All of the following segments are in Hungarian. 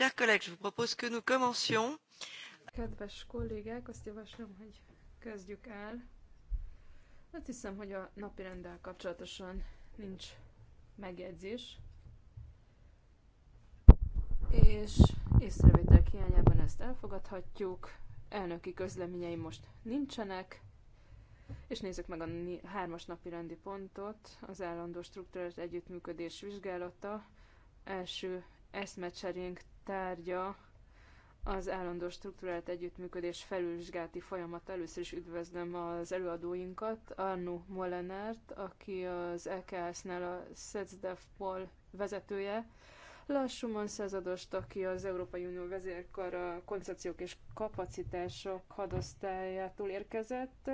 Chers collègues, je vous propose que nous commencions. Kedves kollégák, azt javaslom, hogy kezdjük el. Azt hiszem, hogy a napi rendel kapcsolatosan nincs megjegyzés. És észrevétel hiányában ezt elfogadhatjuk. Elnöki közleményeim most nincsenek. És nézzük meg a hármas napi rendi pontot, az állandó struktúrált együttműködés vizsgálata. Első eszmecserénk tárgya az állandó struktúrált együttműködés felülvizsgálati folyamat. Először is üdvözlöm az előadóinkat, Arnu Molenárt, aki az EKS-nál a SECDEF-pol vezetője, Lassúman századost, aki az Európai Unió vezérkar a koncepciók és kapacitások hadosztályától érkezett,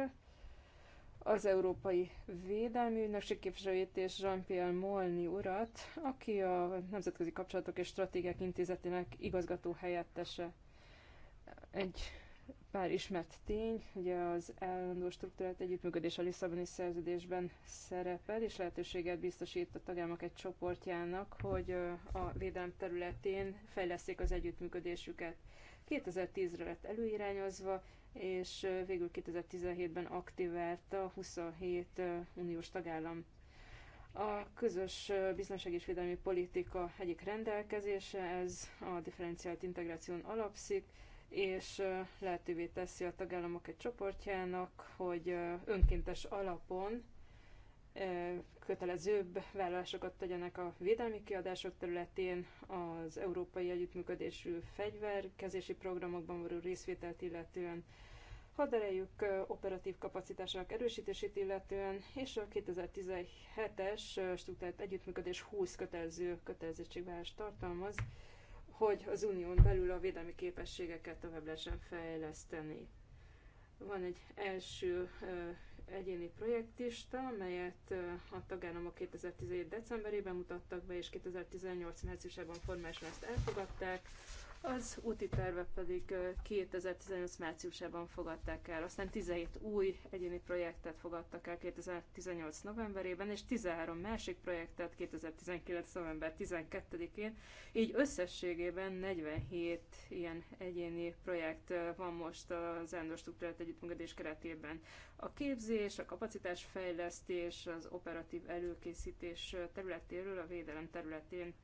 az Európai Védelmi Ügynökség képviselőjét és Jean-Pierre Molny urat, aki a Nemzetközi Kapcsolatok és Stratégiák Intézetének igazgató helyettese. Egy pár ismert tény, ugye az állandó struktúrát együttműködés a Lisszaboni szerződésben szerepel, és lehetőséget biztosít a tagállamok egy csoportjának, hogy a védelem területén fejleszték az együttműködésüket. 2010-re lett előirányozva, és végül 2017-ben a 27 uniós tagállam. A közös biztonság és védelmi politika egyik rendelkezése, ez a differenciált integráción alapszik, és lehetővé teszi a tagállamok egy csoportjának, hogy önkéntes alapon kötelezőbb vállalásokat tegyenek a védelmi kiadások területén, az európai együttműködésű fegyverkezési programokban való részvételt illetően, haderejük operatív kapacitásának erősítését illetően, és a 2017-es struktúrált együttműködés 20 kötelező kötelezettségvállást tartalmaz, hogy az unión belül a védelmi képességeket tovább lehessen fejleszteni. Van egy első egyéni projektista, amelyet a tagállamok 2017. decemberében mutattak be, és 2018. márciusában formálisan ezt elfogadták. Az úti terve pedig 2018 márciusában fogadták el, aztán 17 új egyéni projektet fogadtak el 2018 novemberében, és 13 másik projektet 2019. november 12-én, így összességében 47 ilyen egyéni projekt van most az Endor Struktúrát Együttműködés keretében. A képzés, a kapacitásfejlesztés, az operatív előkészítés területéről, a védelem területén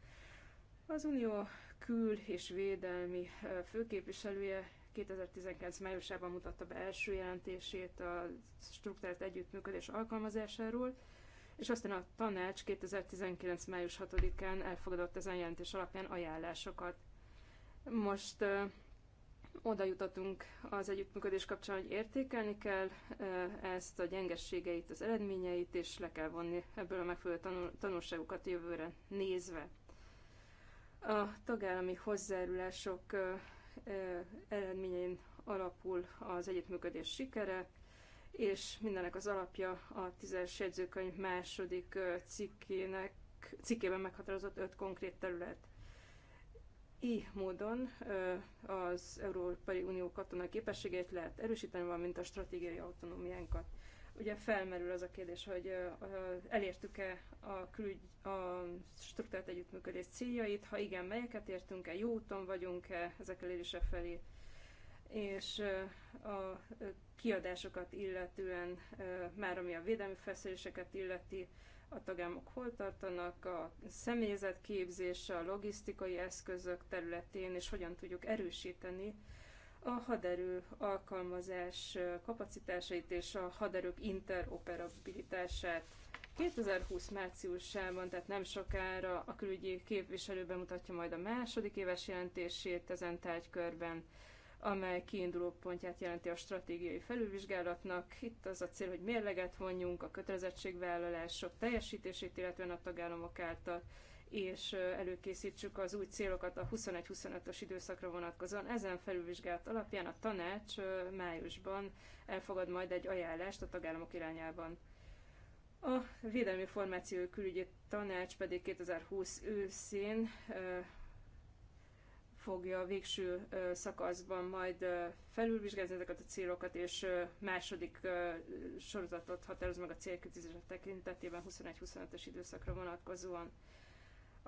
az Unió kül- és védelmi főképviselője 2019 májusában mutatta be első jelentését a struktúrált együttműködés alkalmazásáról, és aztán a tanács 2019. május 6-án elfogadott ezen jelentés alapján ajánlásokat. Most ö, oda jutottunk az együttműködés kapcsán, hogy értékelni kell ö, ezt a gyengességeit, az eredményeit, és le kell vonni ebből a megfelelő tanul, tanulságokat jövőre nézve a tagállami hozzájárulások eredményein alapul az együttműködés sikere, és mindenek az alapja a 10-es jegyzőkönyv második cikkének, cikkében meghatározott öt konkrét terület. Így módon az Európai Unió katonai képességeit lehet erősíteni, valamint a stratégiai autonómiánkat. Ugye felmerül az a kérdés, hogy elértük-e a, külügy, a struktúrát együttműködés céljait, ha igen, melyeket értünk-e, jó úton vagyunk-e ezek elérése felé, és a kiadásokat illetően, már ami a védelmi feszüléseket illeti, a tagállamok hol tartanak, a személyzet képzése, a logisztikai eszközök területén, és hogyan tudjuk erősíteni a haderő alkalmazás kapacitásait és a haderők interoperabilitását. 2020 márciusában, tehát nem sokára a külügyi képviselő bemutatja majd a második éves jelentését ezen tárgykörben, amely kiinduló pontját jelenti a stratégiai felülvizsgálatnak. Itt az a cél, hogy mérleget vonjunk a kötelezettségvállalások teljesítését, illetve a tagállamok által és előkészítsük az új célokat a 21-25-ös időszakra vonatkozóan. Ezen felülvizsgált alapján a tanács májusban elfogad majd egy ajánlást a tagállamok irányában. A Védelmi Formáció Külügyi Tanács pedig 2020 őszén fogja a végső szakaszban majd felülvizsgálni ezeket a célokat, és második sorozatot határoz meg a célkitűzések tekintetében 21-25-ös időszakra vonatkozóan.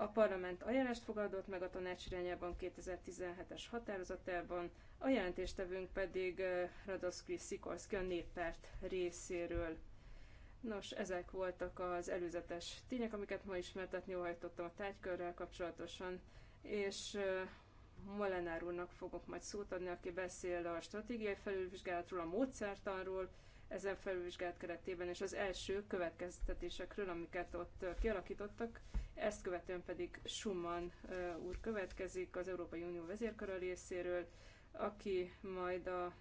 A parlament ajánlást fogadott meg a tanács irányában 2017-es határozatában, a jelentéstevőnk pedig Radoszki Szikorszki a néppárt részéről. Nos, ezek voltak az előzetes tények, amiket ma ismertetni hajtottam a tárgykörrel kapcsolatosan, és Molenár úrnak fogok majd szót adni, aki beszél a stratégiai felülvizsgálatról, a módszertanról, ezen felülvizsgált keretében, és az első következtetésekről, amiket ott kialakítottak, ezt követően pedig Schumann úr következik az Európai Unió vezérkara részéről, aki majd a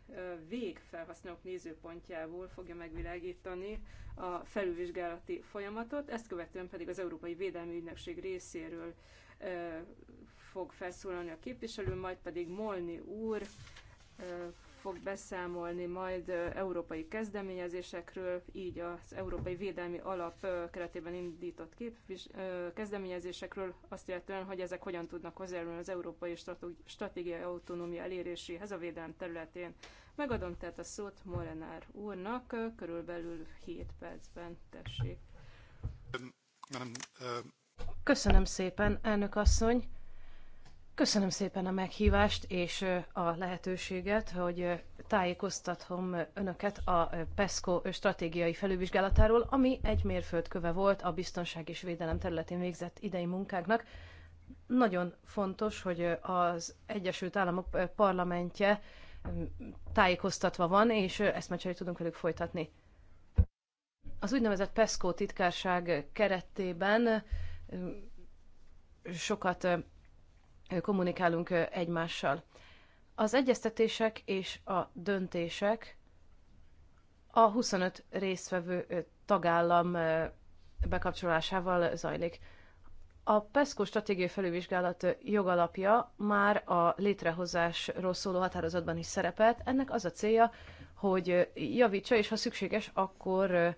végfelhasználók nézőpontjából fogja megvilágítani a felülvizsgálati folyamatot, ezt követően pedig az Európai Védelmi Ügynökség részéről fog felszólalni a képviselő, majd pedig Molni úr fog beszámolni majd európai kezdeményezésekről, így az Európai Védelmi Alap keretében indított képvis, kezdeményezésekről, azt illetően, hogy ezek hogyan tudnak hozzájárulni az európai stratégiai autonómia eléréséhez a védelem területén. Megadom tehát a szót Morenár úrnak, körülbelül 7 percben, tessék. Köszönöm szépen, elnök asszony! Köszönöm szépen a meghívást és a lehetőséget, hogy tájékoztatom önöket a PESCO stratégiai felülvizsgálatáról, ami egy mérföldköve volt a biztonság és védelem területén végzett idei munkáknak. Nagyon fontos, hogy az Egyesült Államok parlamentje tájékoztatva van, és ezt már tudunk velük folytatni. Az úgynevezett PESCO titkárság keretében sokat kommunikálunk egymással. Az egyeztetések és a döntések a 25 résztvevő tagállam bekapcsolásával zajlik. A PESCO stratégiai felülvizsgálat jogalapja már a létrehozásról szóló határozatban is szerepelt. Ennek az a célja, hogy javítsa, és ha szükséges, akkor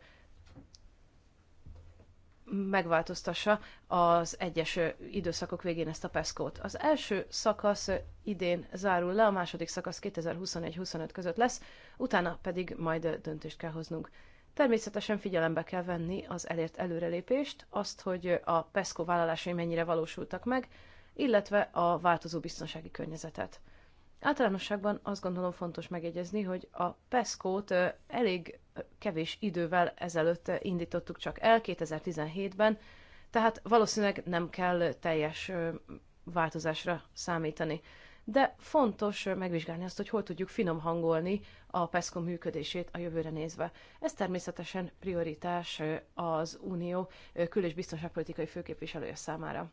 megváltoztassa az egyes időszakok végén ezt a PESCO-t. Az első szakasz idén zárul le, a második szakasz 2021-25 között lesz, utána pedig majd döntést kell hoznunk. Természetesen figyelembe kell venni az elért előrelépést, azt, hogy a PESCO vállalásai mennyire valósultak meg, illetve a változó biztonsági környezetet. Általánosságban azt gondolom fontos megjegyezni, hogy a PESCO-t elég kevés idővel ezelőtt indítottuk csak el, 2017-ben, tehát valószínűleg nem kell teljes változásra számítani. De fontos megvizsgálni azt, hogy hol tudjuk finom hangolni a PESCO működését a jövőre nézve. Ez természetesen prioritás az Unió kül- és biztonságpolitikai főképviselője számára.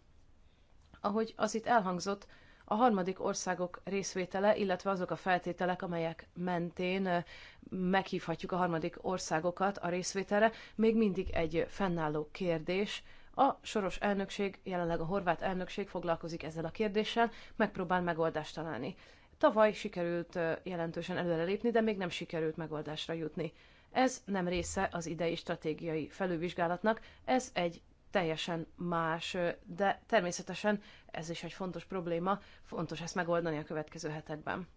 Ahogy az itt elhangzott, a harmadik országok részvétele, illetve azok a feltételek, amelyek mentén meghívhatjuk a harmadik országokat a részvételre, még mindig egy fennálló kérdés. A soros elnökség, jelenleg a horvát elnökség foglalkozik ezzel a kérdéssel, megpróbál megoldást találni. Tavaly sikerült jelentősen előrelépni, de még nem sikerült megoldásra jutni. Ez nem része az idei stratégiai felülvizsgálatnak, ez egy teljesen más, de természetesen ez is egy fontos probléma, fontos ezt megoldani a következő hetekben.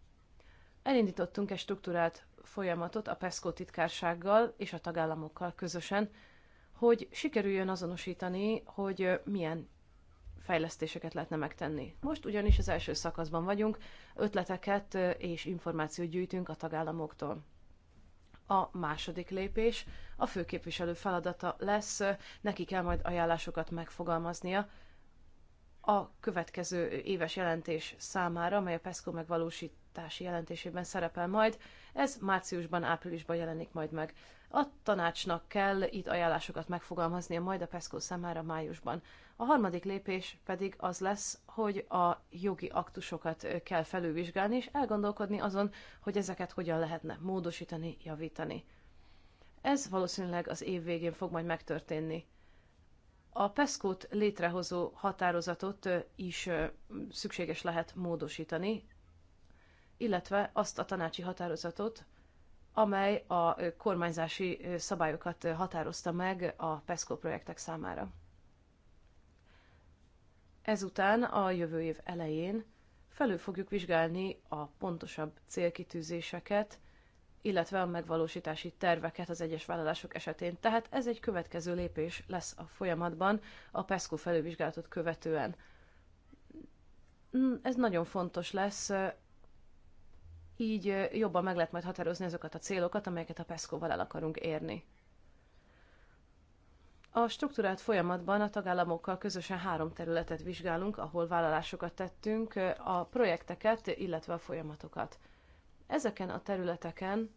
Elindítottunk egy struktúrált folyamatot a PESCO titkársággal és a tagállamokkal közösen, hogy sikerüljön azonosítani, hogy milyen fejlesztéseket lehetne megtenni. Most ugyanis az első szakaszban vagyunk, ötleteket és információt gyűjtünk a tagállamoktól a második lépés. A főképviselő feladata lesz, neki kell majd ajánlásokat megfogalmaznia a következő éves jelentés számára, amely a PESCO megvalósítási jelentésében szerepel majd. Ez márciusban, áprilisban jelenik majd meg. A tanácsnak kell itt ajánlásokat megfogalmaznia majd a PESCO számára májusban. A harmadik lépés pedig az lesz, hogy a jogi aktusokat kell felülvizsgálni, és elgondolkodni azon, hogy ezeket hogyan lehetne módosítani, javítani. Ez valószínűleg az év végén fog majd megtörténni. A PESCO-t létrehozó határozatot is szükséges lehet módosítani, illetve azt a tanácsi határozatot, amely a kormányzási szabályokat határozta meg a PESCO projektek számára. Ezután a jövő év elején felül fogjuk vizsgálni a pontosabb célkitűzéseket, illetve a megvalósítási terveket az egyes vállalások esetén. Tehát ez egy következő lépés lesz a folyamatban a PESCO felülvizsgálatot követően. Ez nagyon fontos lesz, így jobban meg lehet majd határozni azokat a célokat, amelyeket a PESCO-val el akarunk érni. A struktúrált folyamatban a tagállamokkal közösen három területet vizsgálunk, ahol vállalásokat tettünk, a projekteket, illetve a folyamatokat. Ezeken a területeken,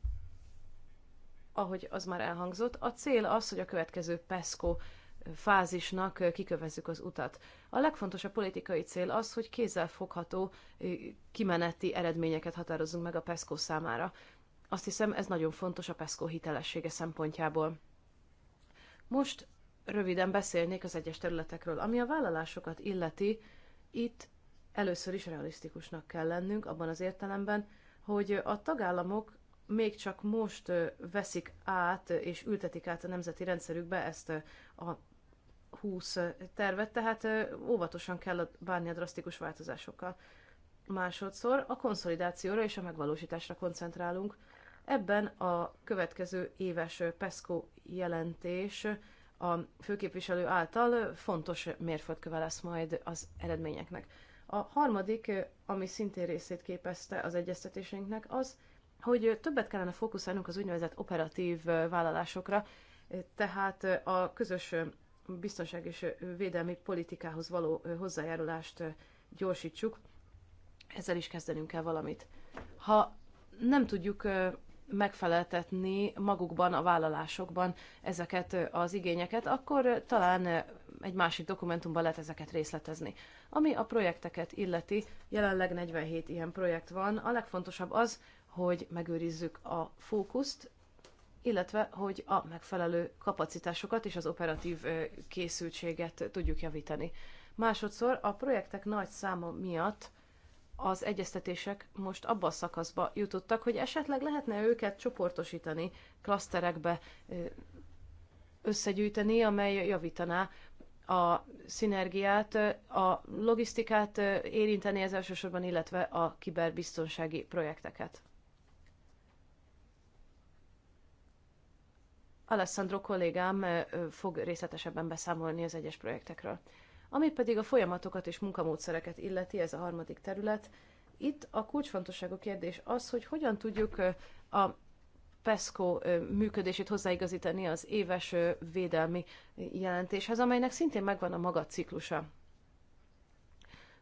ahogy az már elhangzott, a cél az, hogy a következő PESCO fázisnak kikövezzük az utat. A legfontosabb politikai cél az, hogy kézzelfogható kimeneti eredményeket határozzunk meg a PESCO számára. Azt hiszem, ez nagyon fontos a PESCO hitelessége szempontjából. Most röviden beszélnék az egyes területekről. Ami a vállalásokat illeti, itt először is realisztikusnak kell lennünk, abban az értelemben, hogy a tagállamok még csak most veszik át és ültetik át a nemzeti rendszerükbe ezt a 20 tervet, tehát óvatosan kell bánni a drasztikus változásokkal. Másodszor a konszolidációra és a megvalósításra koncentrálunk. Ebben a következő éves PESCO jelentés a főképviselő által fontos mérföldköve lesz majd az eredményeknek. A harmadik, ami szintén részét képezte az egyeztetésünknek, az, hogy többet kellene fókuszálnunk az úgynevezett operatív vállalásokra, tehát a közös biztonság és védelmi politikához való hozzájárulást gyorsítsuk, ezzel is kezdenünk kell valamit. Ha nem tudjuk megfeleltetni magukban, a vállalásokban ezeket az igényeket, akkor talán egy másik dokumentumban lehet ezeket részletezni. Ami a projekteket illeti, jelenleg 47 ilyen projekt van. A legfontosabb az, hogy megőrizzük a fókuszt, illetve hogy a megfelelő kapacitásokat és az operatív készültséget tudjuk javítani. Másodszor a projektek nagy száma miatt az egyeztetések most abba a szakaszba jutottak, hogy esetleg lehetne őket csoportosítani, klaszterekbe összegyűjteni, amely javítaná a szinergiát, a logisztikát érinteni ez elsősorban, illetve a kiberbiztonsági projekteket. Alessandro kollégám fog részletesebben beszámolni az egyes projektekről. Ami pedig a folyamatokat és munkamódszereket illeti, ez a harmadik terület, itt a kulcsfontosságú kérdés az, hogy hogyan tudjuk a PESCO működését hozzáigazítani az éves védelmi jelentéshez, amelynek szintén megvan a maga ciklusa.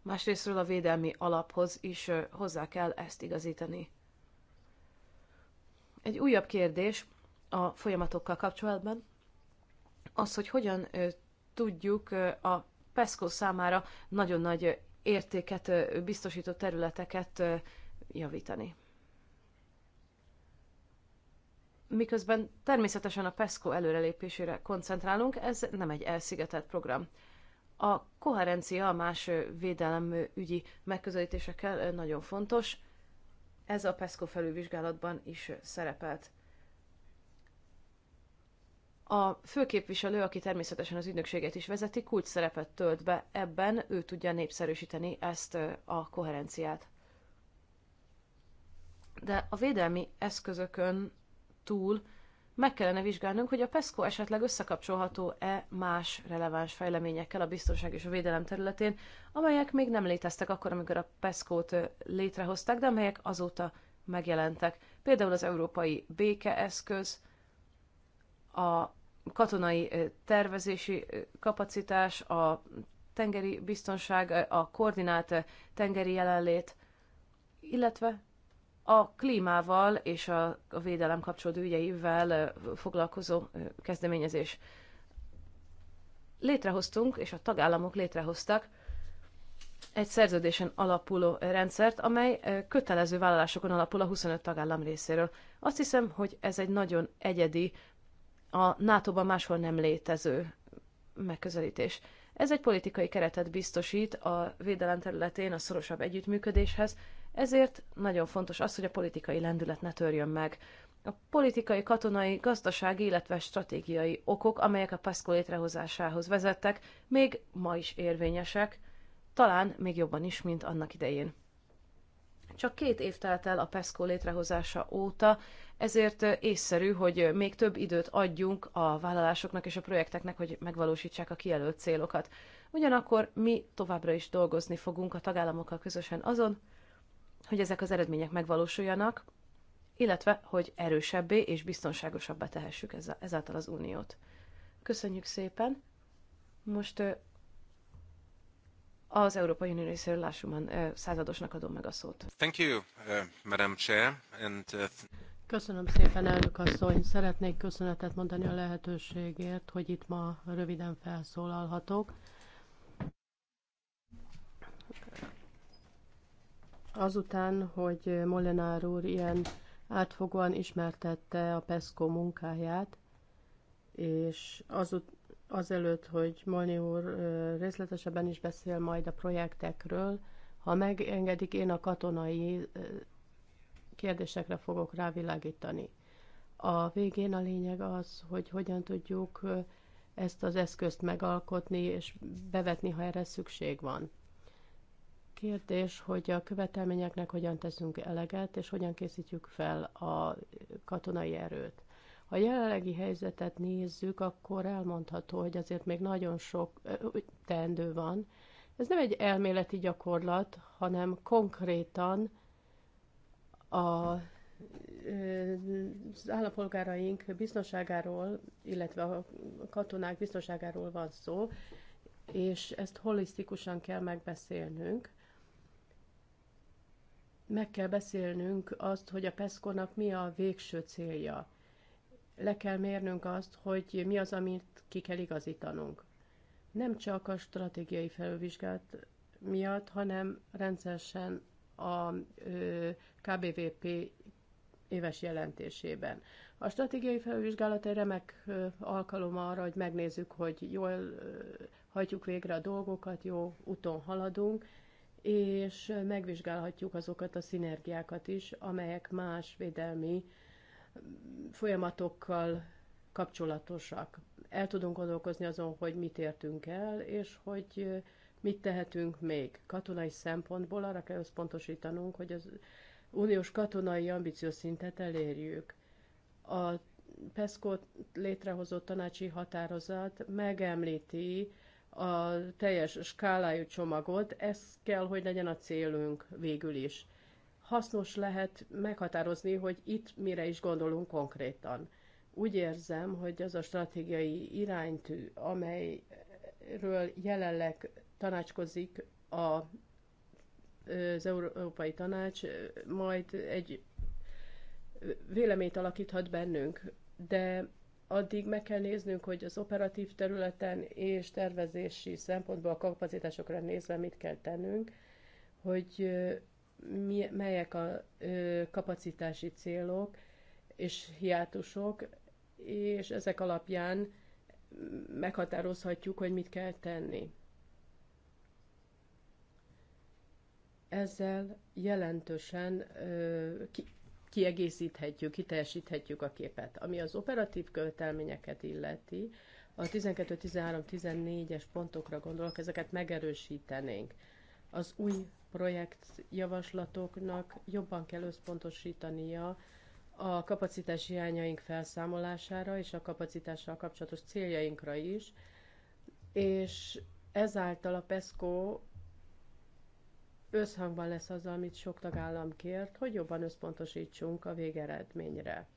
Másrésztről a védelmi alaphoz is hozzá kell ezt igazítani. Egy újabb kérdés a folyamatokkal kapcsolatban az, hogy hogyan tudjuk a PESCO számára nagyon nagy értéket biztosító területeket javítani. Miközben természetesen a PESCO előrelépésére koncentrálunk, ez nem egy elszigetelt program. A koherencia a más védelem ügyi megközelítésekkel nagyon fontos. Ez a PESCO felülvizsgálatban is szerepelt. A főképviselő, aki természetesen az ügynökséget is vezeti, kulcs szerepet tölt be ebben, ő tudja népszerűsíteni ezt a koherenciát. De a védelmi eszközökön túl meg kellene vizsgálnunk, hogy a PESCO esetleg összekapcsolható-e más releváns fejleményekkel a biztonság és a védelem területén, amelyek még nem léteztek akkor, amikor a PESCO-t létrehozták, de amelyek azóta megjelentek. Például az európai békeeszköz, a katonai tervezési kapacitás, a tengeri biztonság, a koordinált tengeri jelenlét, illetve a klímával és a, védelem kapcsolódó ügyeivel foglalkozó kezdeményezés. Létrehoztunk, és a tagállamok létrehoztak egy szerződésen alapuló rendszert, amely kötelező vállalásokon alapul a 25 tagállam részéről. Azt hiszem, hogy ez egy nagyon egyedi a NATO-ban máshol nem létező megközelítés. Ez egy politikai keretet biztosít a védelem területén a szorosabb együttműködéshez, ezért nagyon fontos az, hogy a politikai lendület ne törjön meg. A politikai, katonai, gazdasági, illetve stratégiai okok, amelyek a PESCO létrehozásához vezettek, még ma is érvényesek, talán még jobban is, mint annak idején. Csak két év telt el a PESCO létrehozása óta, ezért észszerű, hogy még több időt adjunk a vállalásoknak és a projekteknek, hogy megvalósítsák a kijelölt célokat. Ugyanakkor mi továbbra is dolgozni fogunk a tagállamokkal közösen azon, hogy ezek az eredmények megvalósuljanak, illetve hogy erősebbé és biztonságosabbá tehessük ezáltal az uniót. Köszönjük szépen! Most az Európai Unió részéről Lássuman eh, századosnak adom meg a szót. Thank you, uh, Madam Chair, and, uh... Köszönöm szépen, elnök asszony. Szeretnék köszönetet mondani a lehetőségért, hogy itt ma röviden felszólalhatok. Azután, hogy Molenár úr ilyen átfogóan ismertette a PESCO munkáját, és azután, azelőtt, hogy Molni úr részletesebben is beszél majd a projektekről, ha megengedik, én a katonai kérdésekre fogok rávilágítani. A végén a lényeg az, hogy hogyan tudjuk ezt az eszközt megalkotni és bevetni, ha erre szükség van. Kérdés, hogy a követelményeknek hogyan teszünk eleget, és hogyan készítjük fel a katonai erőt. Ha jelenlegi helyzetet nézzük, akkor elmondható, hogy azért még nagyon sok teendő van. Ez nem egy elméleti gyakorlat, hanem konkrétan a az állampolgáraink biztonságáról, illetve a katonák biztonságáról van szó, és ezt holisztikusan kell megbeszélnünk. Meg kell beszélnünk azt, hogy a PESCO-nak mi a végső célja le kell mérnünk azt, hogy mi az, amit ki kell igazítanunk. Nem csak a stratégiai felülvizsgált miatt, hanem rendszeresen a KBVP éves jelentésében. A stratégiai felvizsgálat egy remek alkalom arra, hogy megnézzük, hogy jól hajtjuk végre a dolgokat, jó úton haladunk, és megvizsgálhatjuk azokat a szinergiákat is, amelyek más védelmi folyamatokkal kapcsolatosak. El tudunk gondolkozni azon, hogy mit értünk el, és hogy mit tehetünk még. Katonai szempontból arra kell összpontosítanunk, hogy az uniós katonai ambíciós szintet elérjük. A PESCO létrehozott tanácsi határozat megemlíti a teljes skálájú csomagot, ez kell, hogy legyen a célunk végül is hasznos lehet meghatározni, hogy itt mire is gondolunk konkrétan. Úgy érzem, hogy az a stratégiai iránytű, amelyről jelenleg tanácskozik a, az Európai Tanács, majd egy véleményt alakíthat bennünk, de addig meg kell néznünk, hogy az operatív területen és tervezési szempontból a kapacitásokra nézve mit kell tennünk, hogy mi, melyek a ö, kapacitási célok és hiátusok, és ezek alapján meghatározhatjuk, hogy mit kell tenni. Ezzel jelentősen ö, ki, kiegészíthetjük, kiteljesíthetjük a képet. Ami az operatív követelményeket illeti, a 12, 13, 14-es pontokra gondolok, ezeket megerősítenénk. Az új projektjavaslatoknak jobban kell összpontosítania a kapacitás hiányaink felszámolására és a kapacitással kapcsolatos céljainkra is, és ezáltal a PESCO összhangban lesz az, amit sok tagállam kért, hogy jobban összpontosítsunk a végeredményre.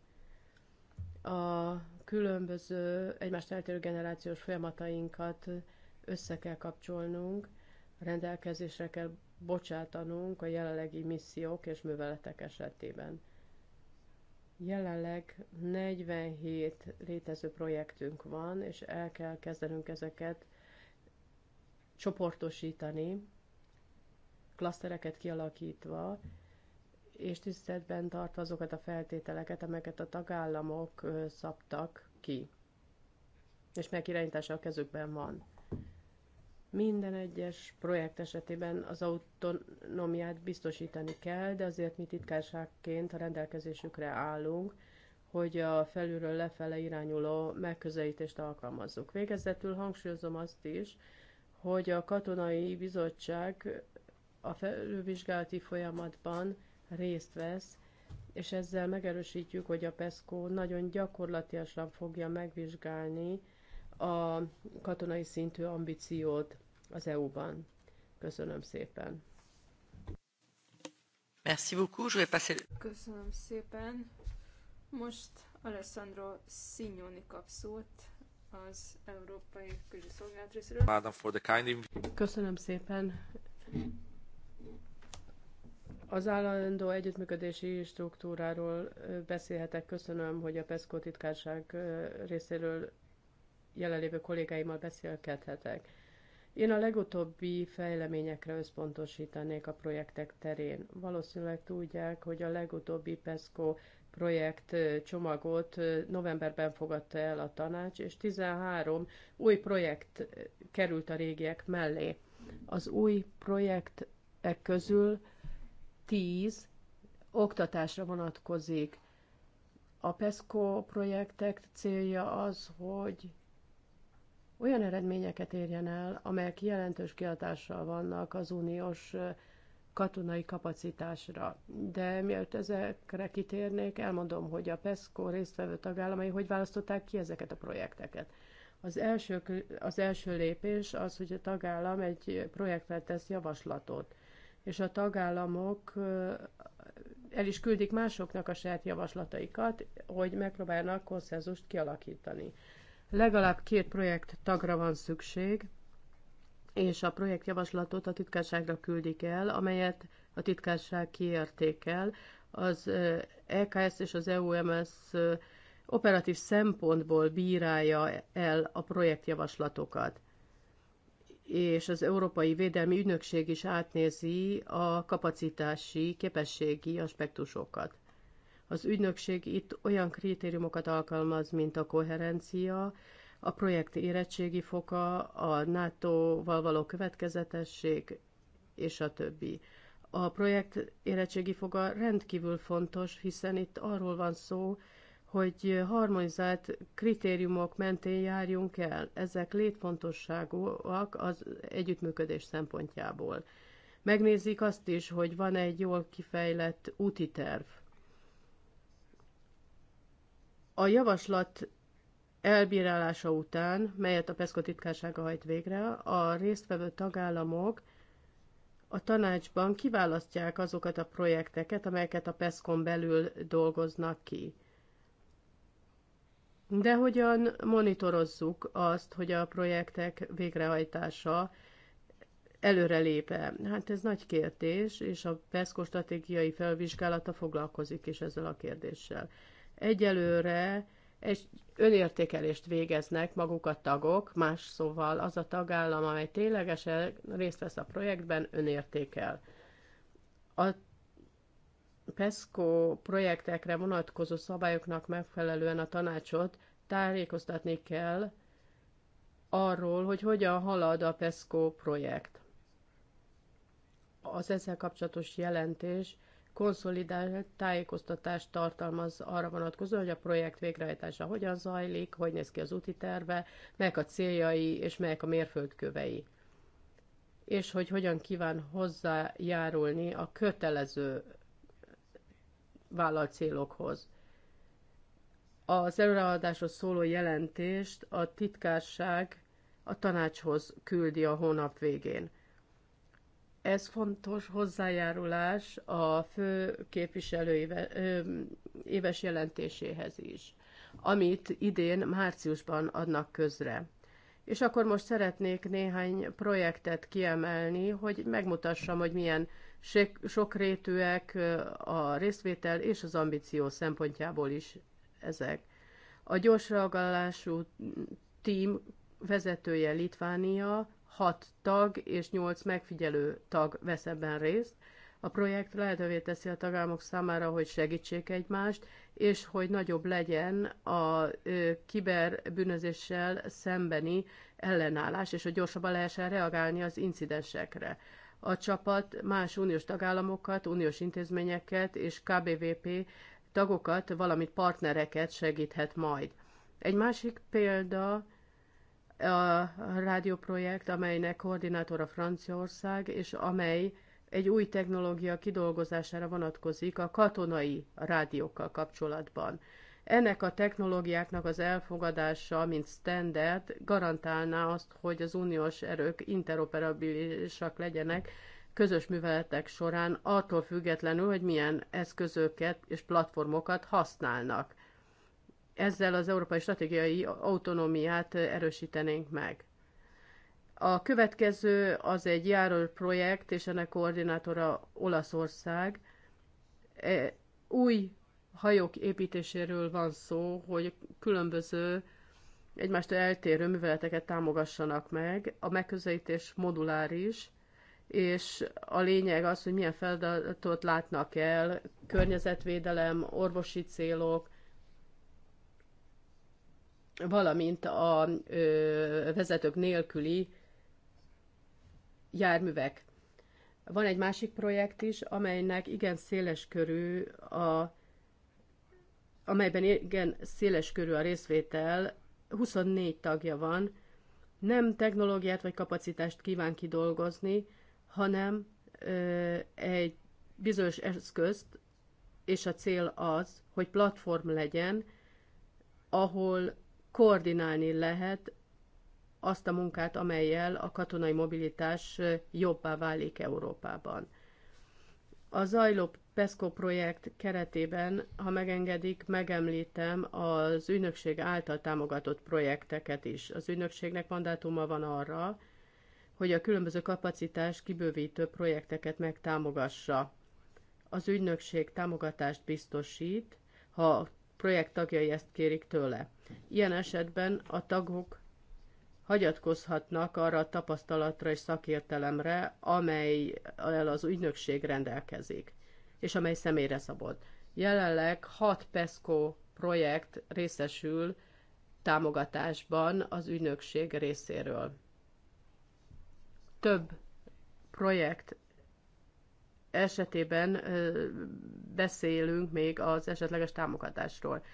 A különböző egymást eltérő generációs folyamatainkat össze kell kapcsolnunk, rendelkezésre kell bocsátanunk a jelenlegi missziók és műveletek esetében. Jelenleg 47 létező projektünk van, és el kell kezdenünk ezeket csoportosítani, klasztereket kialakítva, és tiszteletben tartva azokat a feltételeket, amelyeket a tagállamok szabtak ki, és melyek irányítása a kezükben van. Minden egyes projekt esetében az autonómiát biztosítani kell, de azért mi titkárságként a rendelkezésükre állunk, hogy a felülről lefele irányuló megközelítést alkalmazzuk. Végezetül hangsúlyozom azt is, hogy a katonai bizottság a felülvizsgálati folyamatban részt vesz, és ezzel megerősítjük, hogy a PESCO nagyon gyakorlatilag fogja megvizsgálni a katonai szintű ambíciót az EU-ban. Köszönöm szépen. Merci beaucoup, je vais passer... Köszönöm szépen. Most Alessandro Signoni kap szót az Európai Közös részéről. Madam for the kind Köszönöm szépen. Az állandó együttműködési struktúráról beszélhetek. Köszönöm, hogy a PESCO titkárság részéről jelenlévő kollégáimmal beszélgethetek. Én a legutóbbi fejleményekre összpontosítanék a projektek terén. Valószínűleg tudják, hogy a legutóbbi PESCO projekt csomagot novemberben fogadta el a tanács, és 13 új projekt került a régiek mellé. Az új projektek közül 10 oktatásra vonatkozik. A PESCO projektek célja az, hogy olyan eredményeket érjen el, amelyek jelentős kiadással vannak az uniós katonai kapacitásra. De mielőtt ezekre kitérnék, elmondom, hogy a PESCO résztvevő tagállamai hogy választották ki ezeket a projekteket. Az első, az első lépés az, hogy a tagállam egy projektre tesz javaslatot, és a tagállamok el is küldik másoknak a saját javaslataikat, hogy megpróbálnak konszenzust kialakítani. Legalább két projekt tagra van szükség, és a projektjavaslatot a titkárságra küldik el, amelyet a titkárság kiértékel. Az EKS és az EUMS operatív szempontból bírálja el a projektjavaslatokat és az Európai Védelmi Ügynökség is átnézi a kapacitási, képességi aspektusokat. Az ügynökség itt olyan kritériumokat alkalmaz, mint a koherencia, a projekt érettségi foka, a NATO-val való következetesség, és a többi. A projekt érettségi foga rendkívül fontos, hiszen itt arról van szó, hogy harmonizált kritériumok mentén járjunk el. Ezek létfontosságúak az együttműködés szempontjából. Megnézik azt is, hogy van egy jól kifejlett úti terv, a javaslat elbírálása után, melyet a PESCO titkársága hajt végre, a résztvevő tagállamok a tanácsban kiválasztják azokat a projekteket, amelyeket a PESCON belül dolgoznak ki. De hogyan monitorozzuk azt, hogy a projektek végrehajtása előrelépe? Hát ez nagy kérdés, és a PESCO stratégiai felvizsgálata foglalkozik is ezzel a kérdéssel. Egyelőre egy önértékelést végeznek maguk a tagok, más szóval az a tagállam, amely ténylegesen részt vesz a projektben, önértékel. A PESCO projektekre vonatkozó szabályoknak megfelelően a tanácsot tájékoztatni kell arról, hogy hogyan halad a PESCO projekt. Az ezzel kapcsolatos jelentés konszolidált tájékoztatást tartalmaz arra vonatkozóan, hogy a projekt végrehajtása hogyan zajlik, hogy néz ki az úti terve, melyek a céljai és melyek a mérföldkövei és hogy hogyan kíván hozzájárulni a kötelező vállalt célokhoz. Az előreadásról szóló jelentést a titkárság a tanácshoz küldi a hónap végén. Ez fontos hozzájárulás a fő képviselő éves jelentéséhez is, amit idén márciusban adnak közre. És akkor most szeretnék néhány projektet kiemelni, hogy megmutassam, hogy milyen sokrétűek a részvétel és az ambíció szempontjából is ezek. A gyorsreagálású tím vezetője Litvánia 6 tag és 8 megfigyelő tag vesz ebben részt. A projekt lehetővé teszi a tagállamok számára, hogy segítsék egymást, és hogy nagyobb legyen a kiberbűnözéssel szembeni ellenállás, és hogy gyorsabban lehessen reagálni az incidensekre. A csapat más uniós tagállamokat, uniós intézményeket és KBVP tagokat, valamint partnereket segíthet majd. Egy másik példa a rádióprojekt, amelynek koordinátora Franciaország, és amely egy új technológia kidolgozására vonatkozik a katonai rádiókkal kapcsolatban. Ennek a technológiáknak az elfogadása, mint standard, garantálná azt, hogy az uniós erők interoperabilisak legyenek közös műveletek során, attól függetlenül, hogy milyen eszközöket és platformokat használnak ezzel az európai stratégiai autonómiát erősítenénk meg. A következő az egy járó projekt, és ennek koordinátora Olaszország. E, új hajók építéséről van szó, hogy különböző egymástól eltérő műveleteket támogassanak meg. A megközelítés moduláris, és a lényeg az, hogy milyen feladatot látnak el, környezetvédelem, orvosi célok, valamint a vezetők nélküli járművek. Van egy másik projekt is, amelynek igen széles körű a amelyben igen széles körű a részvétel, 24 tagja van, nem technológiát vagy kapacitást kíván kidolgozni, hanem ö, egy bizonyos eszközt, és a cél az, hogy platform legyen, ahol koordinálni lehet azt a munkát, amelyel a katonai mobilitás jobbá válik Európában. A zajló PESCO projekt keretében, ha megengedik, megemlítem az ügynökség által támogatott projekteket is. Az ügynökségnek mandátuma van arra, hogy a különböző kapacitás kibővítő projekteket megtámogassa. Az ügynökség támogatást biztosít, ha projekt tagjai ezt kérik tőle. Ilyen esetben a tagok hagyatkozhatnak arra a tapasztalatra és szakértelemre, amely az ügynökség rendelkezik, és amely személyre szabott. Jelenleg hat PESCO projekt részesül támogatásban az ügynökség részéről. Több projekt esetében beszélünk még az esetleges támogatásról.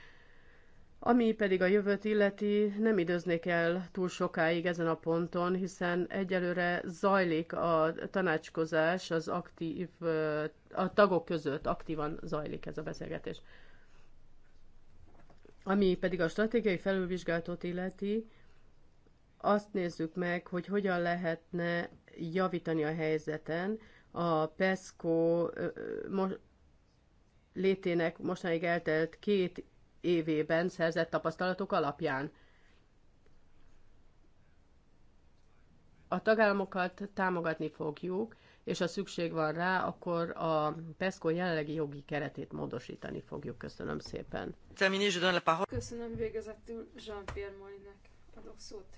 Ami pedig a jövőt illeti, nem időznék el túl sokáig ezen a ponton, hiszen egyelőre zajlik a tanácskozás az aktív, a tagok között aktívan zajlik ez a beszélgetés. Ami pedig a stratégiai felülvizsgálatot illeti, azt nézzük meg, hogy hogyan lehetne javítani a helyzeten, a PESCO most, létének mostanáig eltelt két évében szerzett tapasztalatok alapján. A tagállamokat támogatni fogjuk, és ha szükség van rá, akkor a PESCO jelenlegi jogi keretét módosítani fogjuk. Köszönöm szépen. Köszönöm végezetül Jean-Pierre Molinek adok szót.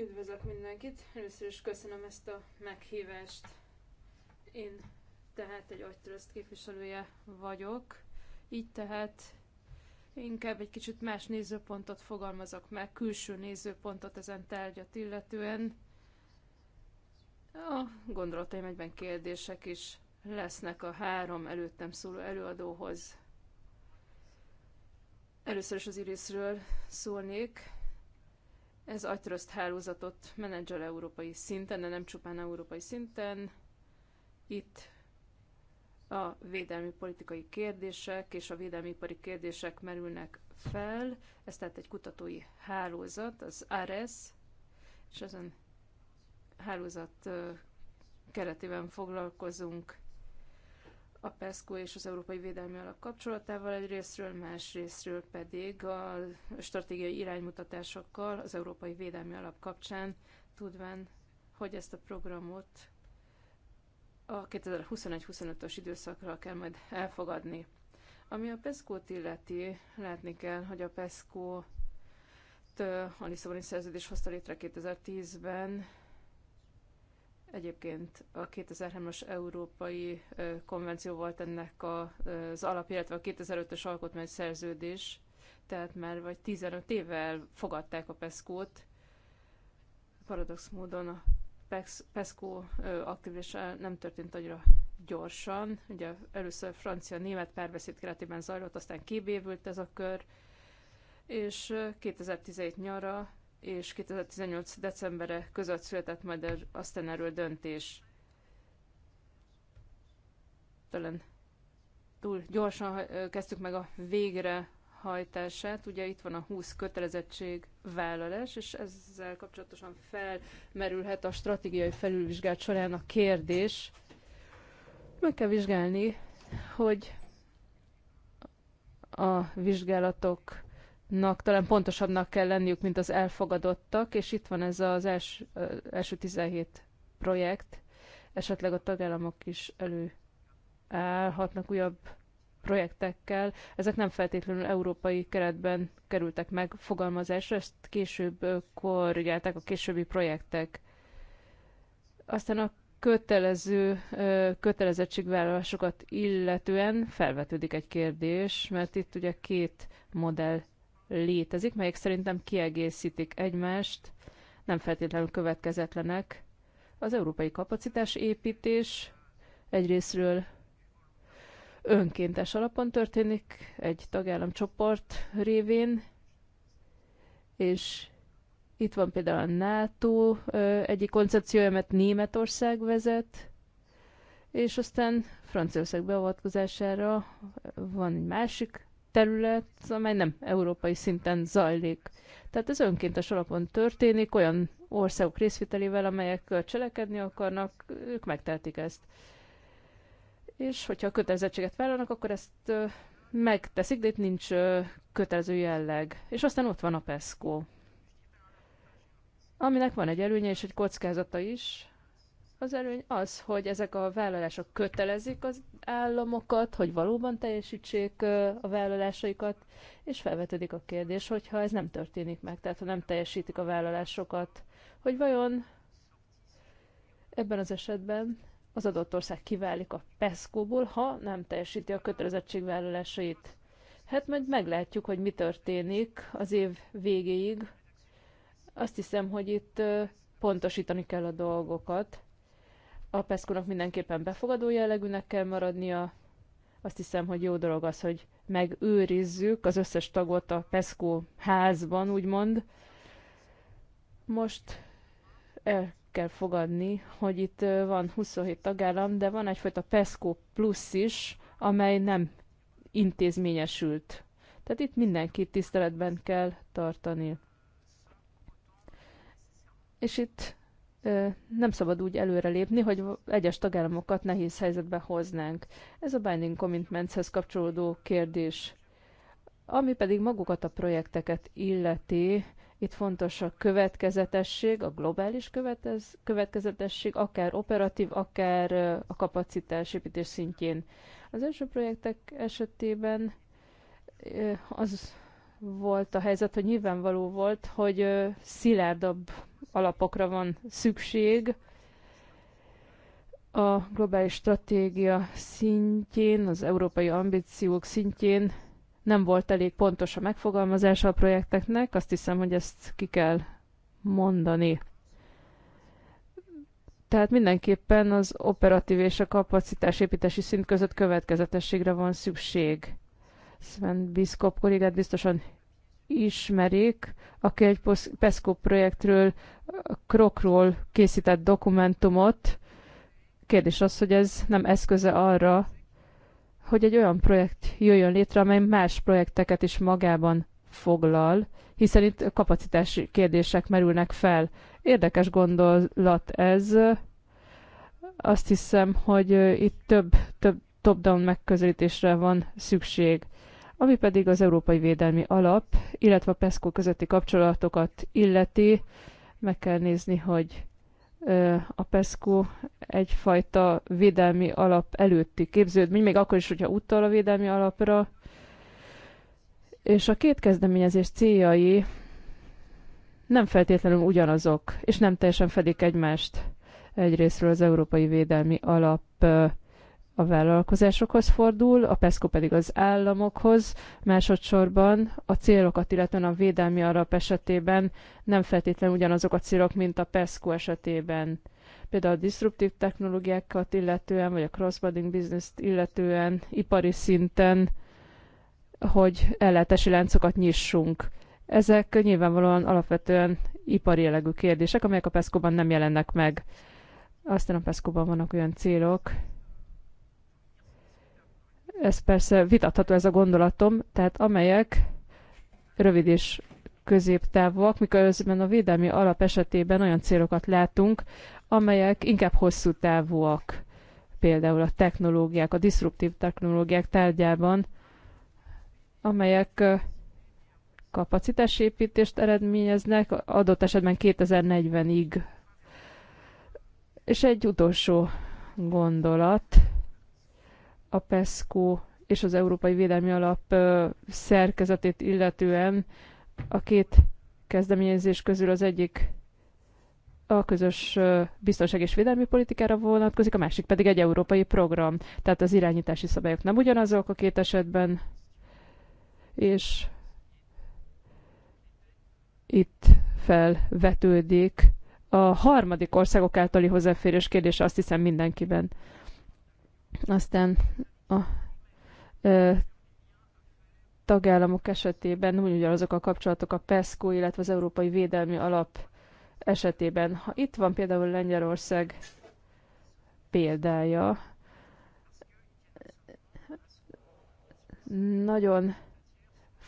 Üdvözlök mindenkit! Először is köszönöm ezt a meghívást. Én tehát egy agytörözt képviselője vagyok, így tehát inkább egy kicsit más nézőpontot fogalmazok meg, külső nézőpontot ezen tárgyat illetően. A gondolataim egyben kérdések is lesznek a három előttem szóló előadóhoz. Először is az Irisről szólnék. Ez agytrözt hálózatot menedzsel európai szinten, de nem csupán európai szinten. Itt a védelmi politikai kérdések és a védelmi ipari kérdések merülnek fel. Ez tehát egy kutatói hálózat, az ARES, és ezen hálózat keretében foglalkozunk a PESCO és az Európai Védelmi Alap kapcsolatával egyrésztről, másrésztről pedig a stratégiai iránymutatásokkal az Európai Védelmi Alap kapcsán, tudván, hogy ezt a programot a 2021-25-ös időszakra kell majd elfogadni. Ami a PESCO-t illeti, látni kell, hogy a PESCO a Lisszaboni szerződés hozta létre 2010-ben, Egyébként a 2003-as Európai Konvenció volt ennek az alapja, illetve a 2005-ös alkotmány szerződés, tehát már vagy 15 évvel fogadták a PESCO-t. Paradox módon a PESCO aktivitása nem történt annyira gyorsan. Ugye először francia-német párbeszéd keretében zajlott, aztán kibévült ez a kör, és 2017 nyara és 2018. decembere között született majd aztán erről döntés. Talán túl gyorsan kezdtük meg a végre hajtását. Ugye itt van a 20 kötelezettség vállalás, és ezzel kapcsolatosan felmerülhet a stratégiai felülvizsgálat során a kérdés. Meg kell vizsgálni, hogy a vizsgálatok nak talán pontosabbnak kell lenniük, mint az elfogadottak, és itt van ez az els, első 17 projekt, esetleg a tagállamok is előállhatnak újabb projektekkel. Ezek nem feltétlenül európai keretben kerültek meg fogalmazásra, ezt később korrigálták a későbbi projektek. Aztán a kötelező kötelezettségvállalásokat illetően felvetődik egy kérdés, mert itt ugye két modell létezik, melyek szerintem kiegészítik egymást, nem feltétlenül következetlenek. Az európai kapacitás építés egyrésztről önkéntes alapon történik egy csoport révén, és itt van például a NATO egyik koncepciója, mert Németország vezet, és aztán Franciaország beavatkozására van egy másik terület, amely nem európai szinten zajlik. Tehát ez önkéntes alapon történik, olyan országok részvételével, amelyek cselekedni akarnak, ők megtehetik ezt. És hogyha a kötelezettséget vállalnak, akkor ezt megteszik, de itt nincs kötelező jelleg. És aztán ott van a PESCO, aminek van egy előnye és egy kockázata is, az előny az, hogy ezek a vállalások kötelezik az államokat, hogy valóban teljesítsék a vállalásaikat, és felvetődik a kérdés, hogyha ez nem történik meg, tehát ha nem teljesítik a vállalásokat, hogy vajon ebben az esetben az adott ország kiválik a PESCO-ból, ha nem teljesíti a kötelezettségvállalásait. Hát majd meglátjuk, hogy mi történik az év végéig. Azt hiszem, hogy itt pontosítani kell a dolgokat a pesco mindenképpen befogadó jellegűnek kell maradnia. Azt hiszem, hogy jó dolog az, hogy megőrizzük az összes tagot a PESCO házban, úgymond. Most el kell fogadni, hogy itt van 27 tagállam, de van egyfajta PESCO plusz is, amely nem intézményesült. Tehát itt mindenkit tiszteletben kell tartani. És itt nem szabad úgy előrelépni, hogy egyes tagállamokat nehéz helyzetbe hoznánk. Ez a binding commitmentshez kapcsolódó kérdés. Ami pedig magukat a projekteket illeti, itt fontos a következetesség, a globális követez, következetesség, akár operatív, akár a kapacitás építés szintjén. Az első projektek esetében az volt a helyzet, hogy nyilvánvaló volt, hogy szilárdabb alapokra van szükség a globális stratégia szintjén, az európai ambíciók szintjén nem volt elég pontos a megfogalmazása a projekteknek, azt hiszem, hogy ezt ki kell mondani. Tehát mindenképpen az operatív és a kapacitásépítési szint között következetességre van szükség. Sven Biskop kollégát biztosan ismerik, aki egy PESCO projektről, Krokról készített dokumentumot. Kérdés az, hogy ez nem eszköze arra, hogy egy olyan projekt jöjjön létre, amely más projekteket is magában foglal, hiszen itt kapacitási kérdések merülnek fel. Érdekes gondolat ez. Azt hiszem, hogy itt több, több top-down megközelítésre van szükség. Ami pedig az Európai Védelmi Alap, illetve a PESCO közötti kapcsolatokat illeti, meg kell nézni, hogy a PESCO egyfajta védelmi alap előtti képződmény, még akkor is, hogyha utal a védelmi alapra. És a két kezdeményezés céljai nem feltétlenül ugyanazok, és nem teljesen fedik egymást. Egyrésztről az Európai Védelmi Alap a vállalkozásokhoz fordul, a PESCO pedig az államokhoz, másodszorban a célokat, illetően a védelmi alap esetében nem feltétlenül ugyanazok a célok, mint a PESCO esetében. Például a disruptív technológiákat illetően, vagy a crossbudding business illetően, ipari szinten, hogy ellátási láncokat nyissunk. Ezek nyilvánvalóan alapvetően ipari jellegű kérdések, amelyek a PESCO-ban nem jelennek meg. Aztán a PESCO-ban vannak olyan célok, ez persze vitatható ez a gondolatom, tehát amelyek rövid és középtávúak, miközben a védelmi alap esetében olyan célokat látunk, amelyek inkább hosszú távúak, például a technológiák, a diszruptív technológiák tárgyában, amelyek kapacitásépítést eredményeznek, adott esetben 2040-ig. És egy utolsó gondolat, a PESCO és az Európai Védelmi Alap szerkezetét illetően a két kezdeményezés közül az egyik a közös biztonság és védelmi politikára vonatkozik, a másik pedig egy európai program. Tehát az irányítási szabályok nem ugyanazok a két esetben, és itt felvetődik a harmadik országok általi hozzáférés kérdése azt hiszem mindenkiben. Aztán a ö, tagállamok esetében ugyanazok a kapcsolatok a PESCO, illetve az Európai Védelmi Alap esetében. Ha itt van például Lengyelország példája, nagyon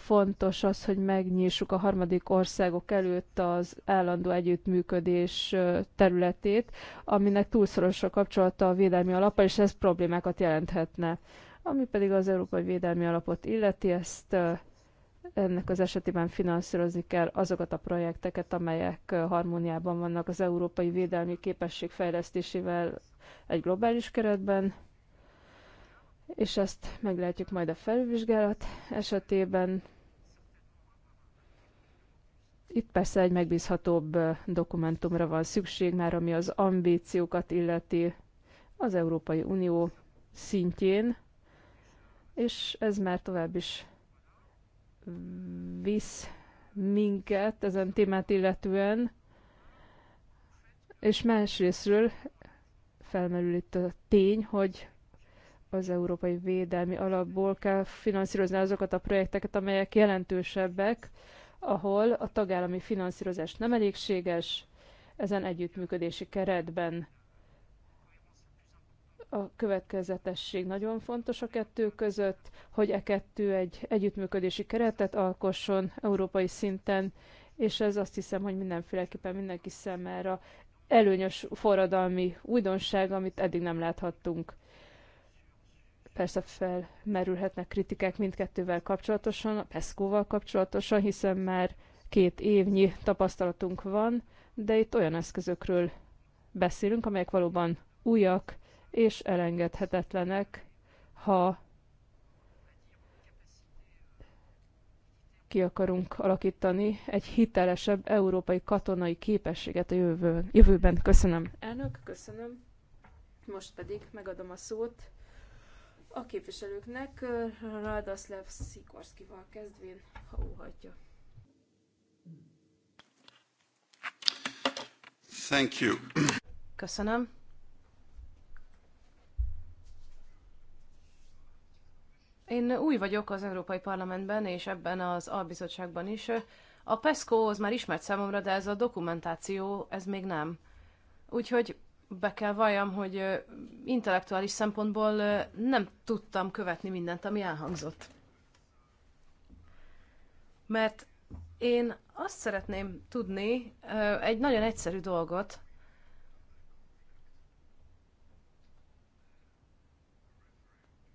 Fontos az, hogy megnyissuk a harmadik országok előtt az állandó együttműködés területét, aminek túlszoros a kapcsolata a védelmi alappal, és ez problémákat jelenthetne. Ami pedig az Európai Védelmi Alapot illeti, ezt ennek az esetében finanszírozni kell azokat a projekteket, amelyek harmóniában vannak az európai védelmi képesség fejlesztésével egy globális keretben, és ezt meglátjuk majd a felülvizsgálat esetében. Itt persze egy megbízhatóbb dokumentumra van szükség már, ami az ambíciókat illeti az Európai Unió szintjén, és ez már tovább is visz minket ezen témát illetően, és másrésztről felmerül itt a tény, hogy az Európai Védelmi Alapból kell finanszírozni azokat a projekteket, amelyek jelentősebbek, ahol a tagállami finanszírozás nem elégséges, ezen együttműködési keretben a következetesség nagyon fontos a kettő között, hogy e kettő egy együttműködési keretet alkosson európai szinten, és ez azt hiszem, hogy mindenféleképpen mindenki számára előnyös forradalmi újdonság, amit eddig nem láthattunk. Persze felmerülhetnek kritikák mindkettővel kapcsolatosan, a pesco kapcsolatosan, hiszen már két évnyi tapasztalatunk van, de itt olyan eszközökről beszélünk, amelyek valóban újak és elengedhetetlenek, ha ki akarunk alakítani egy hitelesebb európai katonai képességet a jövőben. jövőben. Köszönöm. Elnök, köszönöm. Most pedig megadom a szót a képviselőknek Radoslav Szikorszkival kezdvén, ha óhatja. Thank you. Köszönöm. Én új vagyok az Európai Parlamentben, és ebben az albizottságban is. A PESCO az már ismert számomra, de ez a dokumentáció, ez még nem. Úgyhogy be kell valljam, hogy intellektuális szempontból nem tudtam követni mindent, ami elhangzott. Mert én azt szeretném tudni egy nagyon egyszerű dolgot,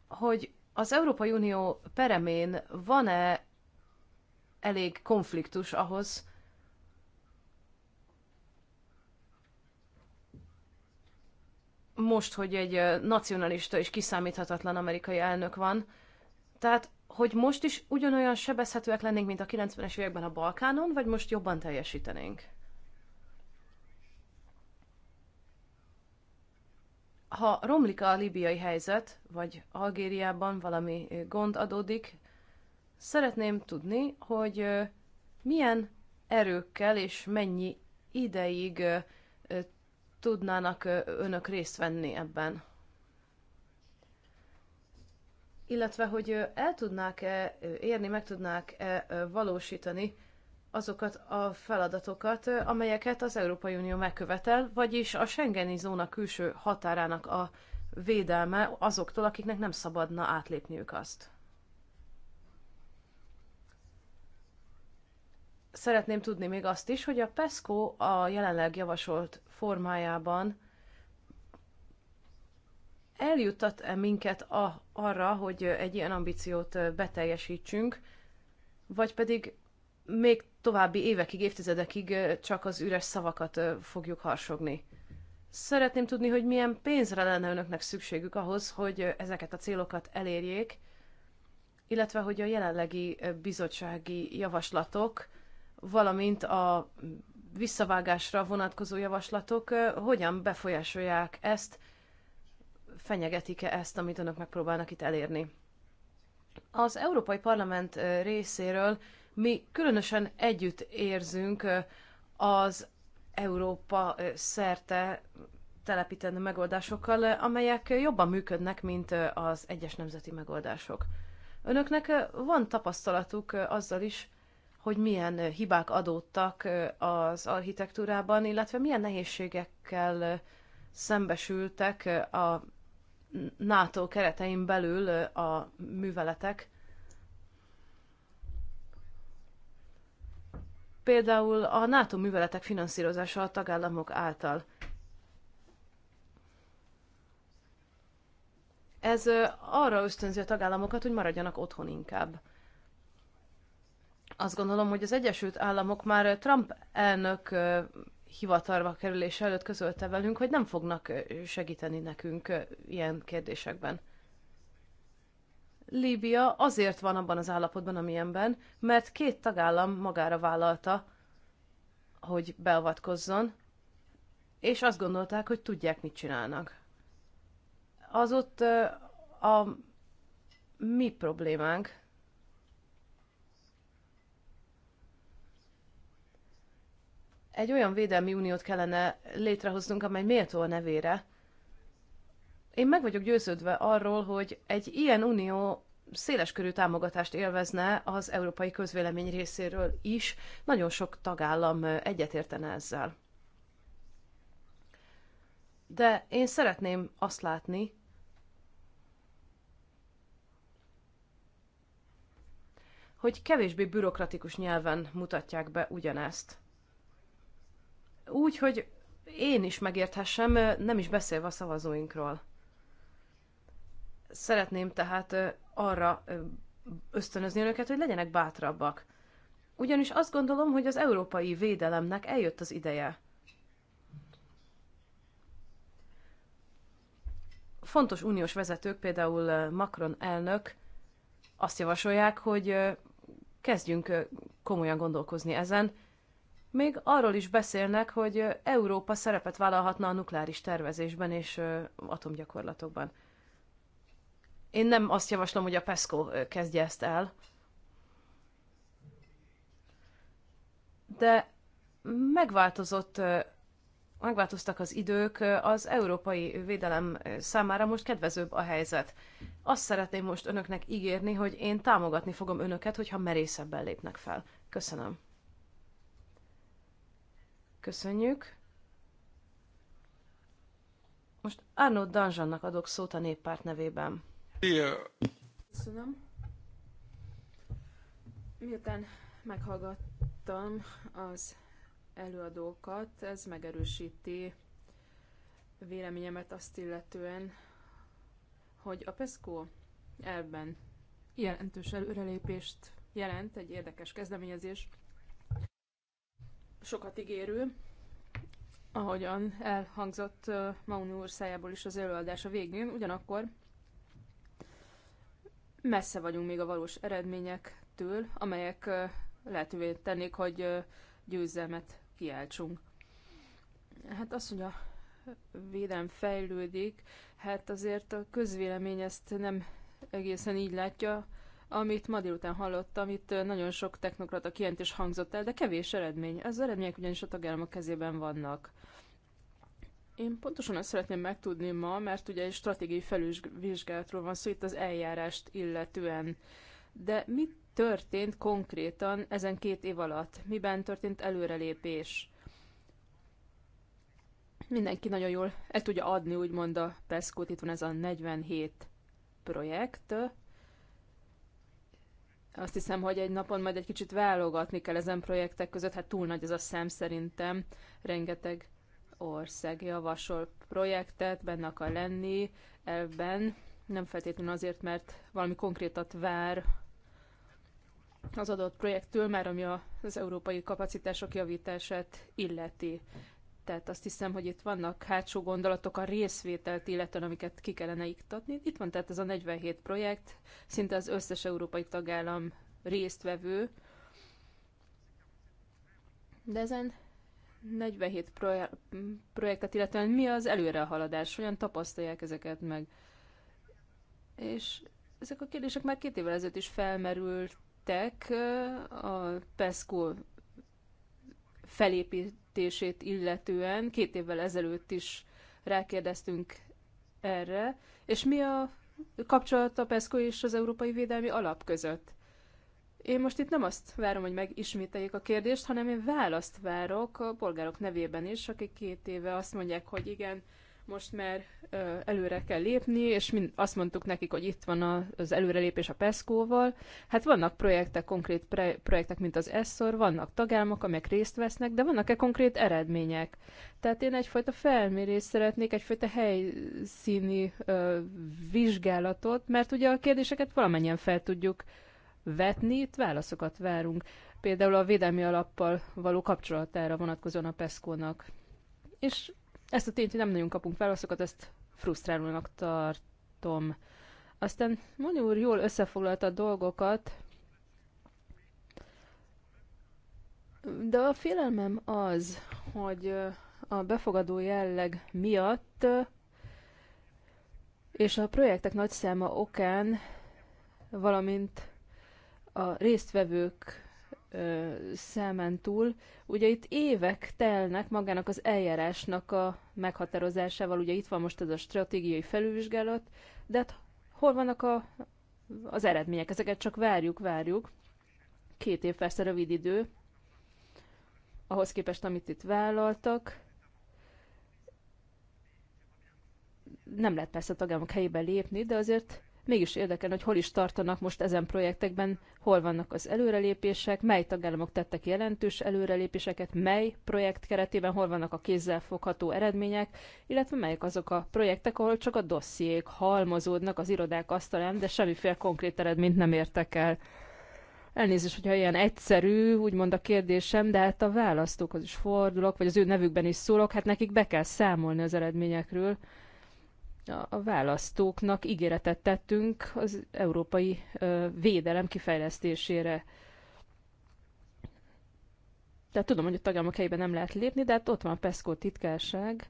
hogy az Európai Unió peremén van-e elég konfliktus ahhoz, most, hogy egy nacionalista és kiszámíthatatlan amerikai elnök van, tehát, hogy most is ugyanolyan sebezhetőek lennénk, mint a 90-es években a Balkánon, vagy most jobban teljesítenénk? Ha romlik a libiai helyzet, vagy Algériában valami gond adódik, szeretném tudni, hogy milyen erőkkel és mennyi ideig tudnának önök részt venni ebben? Illetve, hogy el tudnák-e érni, meg tudnák-e valósítani azokat a feladatokat, amelyeket az Európai Unió megkövetel, vagyis a Schengeni zóna külső határának a védelme azoktól, akiknek nem szabadna átlépniük azt. szeretném tudni még azt is, hogy a PESCO a jelenleg javasolt formájában eljuttat-e minket a, arra, hogy egy ilyen ambíciót beteljesítsünk, vagy pedig még további évekig, évtizedekig csak az üres szavakat fogjuk harsogni. Szeretném tudni, hogy milyen pénzre lenne önöknek szükségük ahhoz, hogy ezeket a célokat elérjék, illetve hogy a jelenlegi bizottsági javaslatok valamint a visszavágásra vonatkozó javaslatok hogyan befolyásolják ezt, fenyegetik-e ezt, amit önök megpróbálnak itt elérni. Az Európai Parlament részéről mi különösen együtt érzünk az Európa szerte telepítendő megoldásokkal, amelyek jobban működnek, mint az egyes nemzeti megoldások. Önöknek van tapasztalatuk azzal is, hogy milyen hibák adódtak az architektúrában, illetve milyen nehézségekkel szembesültek a NATO keretein belül a műveletek. Például a NATO műveletek finanszírozása a tagállamok által. Ez arra ösztönzi a tagállamokat, hogy maradjanak otthon inkább. Azt gondolom, hogy az Egyesült Államok már Trump elnök hivatalba kerülése előtt közölte velünk, hogy nem fognak segíteni nekünk ilyen kérdésekben. Líbia azért van abban az állapotban, amilyenben, mert két tagállam magára vállalta, hogy beavatkozzon, és azt gondolták, hogy tudják, mit csinálnak. Az ott a mi problémánk, egy olyan védelmi uniót kellene létrehoznunk, amely méltó a nevére. Én meg vagyok győződve arról, hogy egy ilyen unió széleskörű támogatást élvezne az európai közvélemény részéről is, nagyon sok tagállam egyetértene ezzel. De én szeretném azt látni, hogy kevésbé bürokratikus nyelven mutatják be ugyanezt úgy, hogy én is megérthessem, nem is beszélve a szavazóinkról. Szeretném tehát arra ösztönözni önöket, hogy legyenek bátrabbak. Ugyanis azt gondolom, hogy az európai védelemnek eljött az ideje. Fontos uniós vezetők, például Macron elnök azt javasolják, hogy kezdjünk komolyan gondolkozni ezen, még arról is beszélnek, hogy Európa szerepet vállalhatna a nukleáris tervezésben és atomgyakorlatokban. Én nem azt javaslom, hogy a PESCO kezdje ezt el. De megváltozott, megváltoztak az idők, az európai védelem számára most kedvezőbb a helyzet. Azt szeretném most önöknek ígérni, hogy én támogatni fogom önöket, hogyha merészebben lépnek fel. Köszönöm. Köszönjük. Most Arnold Danzsannak adok szót a néppárt nevében. Yeah. Köszönöm. Miután meghallgattam az előadókat, ez megerősíti véleményemet azt illetően, hogy a PESCO elben jelentős előrelépést jelent, egy érdekes kezdeményezés, sokat ígérő, ahogyan elhangzott Mauni úr szájából is az előadás a végén, ugyanakkor messze vagyunk még a valós eredményektől, amelyek lehetővé tennék, hogy győzelmet kiáltsunk. Hát azt, hogy a védelem fejlődik, hát azért a közvélemény ezt nem egészen így látja amit ma délután hallottam, itt nagyon sok technokrata kijelentés hangzott el, de kevés eredmény. Az eredmények ugyanis a tagállamok kezében vannak. Én pontosan azt szeretném megtudni ma, mert ugye egy stratégiai felülvizsgálatról van szó itt az eljárást illetően. De mit történt konkrétan ezen két év alatt? Miben történt előrelépés? Mindenki nagyon jól el tudja adni, úgymond a pesco itt van ez a 47 projekt, azt hiszem, hogy egy napon majd egy kicsit válogatni kell ezen projektek között, hát túl nagy ez a szem szerintem, rengeteg ország javasol projektet, benne akar lenni ebben, nem feltétlenül azért, mert valami konkrétat vár az adott projektől, már ami az európai kapacitások javítását illeti. Tehát azt hiszem, hogy itt vannak hátsó gondolatok a részvételt illetve amiket ki kellene iktatni. Itt van tehát ez a 47 projekt, szinte az összes európai tagállam résztvevő, de ezen 47 projektet, illetve mi az előrehaladás, hogyan tapasztalják ezeket meg. És ezek a kérdések már két évvel ezelőtt is felmerültek a PESCO felépítésében kiépítését illetően két évvel ezelőtt is rákérdeztünk erre, és mi a kapcsolat a PESCO és az Európai Védelmi Alap között? Én most itt nem azt várom, hogy megismételjék a kérdést, hanem én választ várok a polgárok nevében is, akik két éve azt mondják, hogy igen, most már előre kell lépni, és mind azt mondtuk nekik, hogy itt van az előrelépés a PESCO-val. Hát vannak projektek, konkrét projektek, mint az ESSOR, vannak tagállamok, amelyek részt vesznek, de vannak-e konkrét eredmények? Tehát én egyfajta felmérést szeretnék, egyfajta helyszíni ö, vizsgálatot, mert ugye a kérdéseket valamennyien fel tudjuk vetni, itt válaszokat várunk. Például a védelmi alappal való kapcsolatára vonatkozóan a PESCO-nak. És ezt a tényt, hogy nem nagyon kapunk válaszokat, ezt frusztrálónak tartom. Aztán Moni úr jól összefoglalta a dolgokat, de a félelmem az, hogy a befogadó jelleg miatt és a projektek nagy száma okán, valamint a résztvevők szemen túl. Ugye itt évek telnek magának az eljárásnak a meghatározásával, ugye itt van most ez a stratégiai felülvizsgálat, de hát hol vannak a, az eredmények? Ezeket csak várjuk, várjuk. Két év persze rövid idő, ahhoz képest, amit itt vállaltak. Nem lehet persze a tagállamok helyébe lépni, de azért Mégis érdekel, hogy hol is tartanak most ezen projektekben, hol vannak az előrelépések, mely tagállamok tettek jelentős előrelépéseket, mely projekt keretében hol vannak a fogható eredmények, illetve melyek azok a projektek, ahol csak a dossziék halmozódnak az irodák asztalán, de semmiféle konkrét eredményt nem értek el. Elnézést, hogyha ilyen egyszerű, úgymond a kérdésem, de hát a választókhoz is fordulok, vagy az ő nevükben is szólok, hát nekik be kell számolni az eredményekről, a választóknak ígéretet tettünk az európai védelem kifejlesztésére. Tehát tudom, hogy a tagállamok helyében nem lehet lépni, de hát ott van a PESCO titkárság,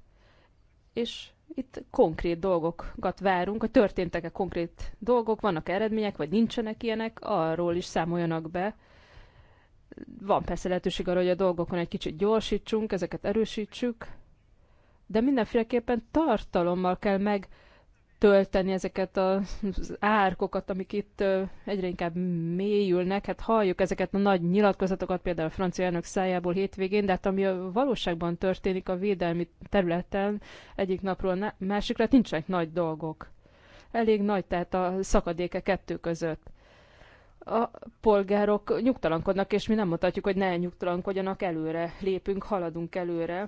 és itt konkrét dolgokat várunk, hogy történtek-e konkrét dolgok, vannak -e eredmények, vagy nincsenek ilyenek, arról is számoljanak be. Van persze lehetőség arra, hogy a dolgokon egy kicsit gyorsítsunk, ezeket erősítsük, de mindenféleképpen tartalommal kell meg tölteni ezeket az árkokat, amik itt egyre inkább mélyülnek. Hát halljuk ezeket a nagy nyilatkozatokat, például a francia elnök szájából hétvégén, de hát ami a valóságban történik a védelmi területen egyik napról másikra, nincsenek nagy dolgok. Elég nagy, tehát a szakadéke kettő között. A polgárok nyugtalankodnak, és mi nem mutatjuk, hogy ne nyugtalankodjanak előre, lépünk, haladunk előre,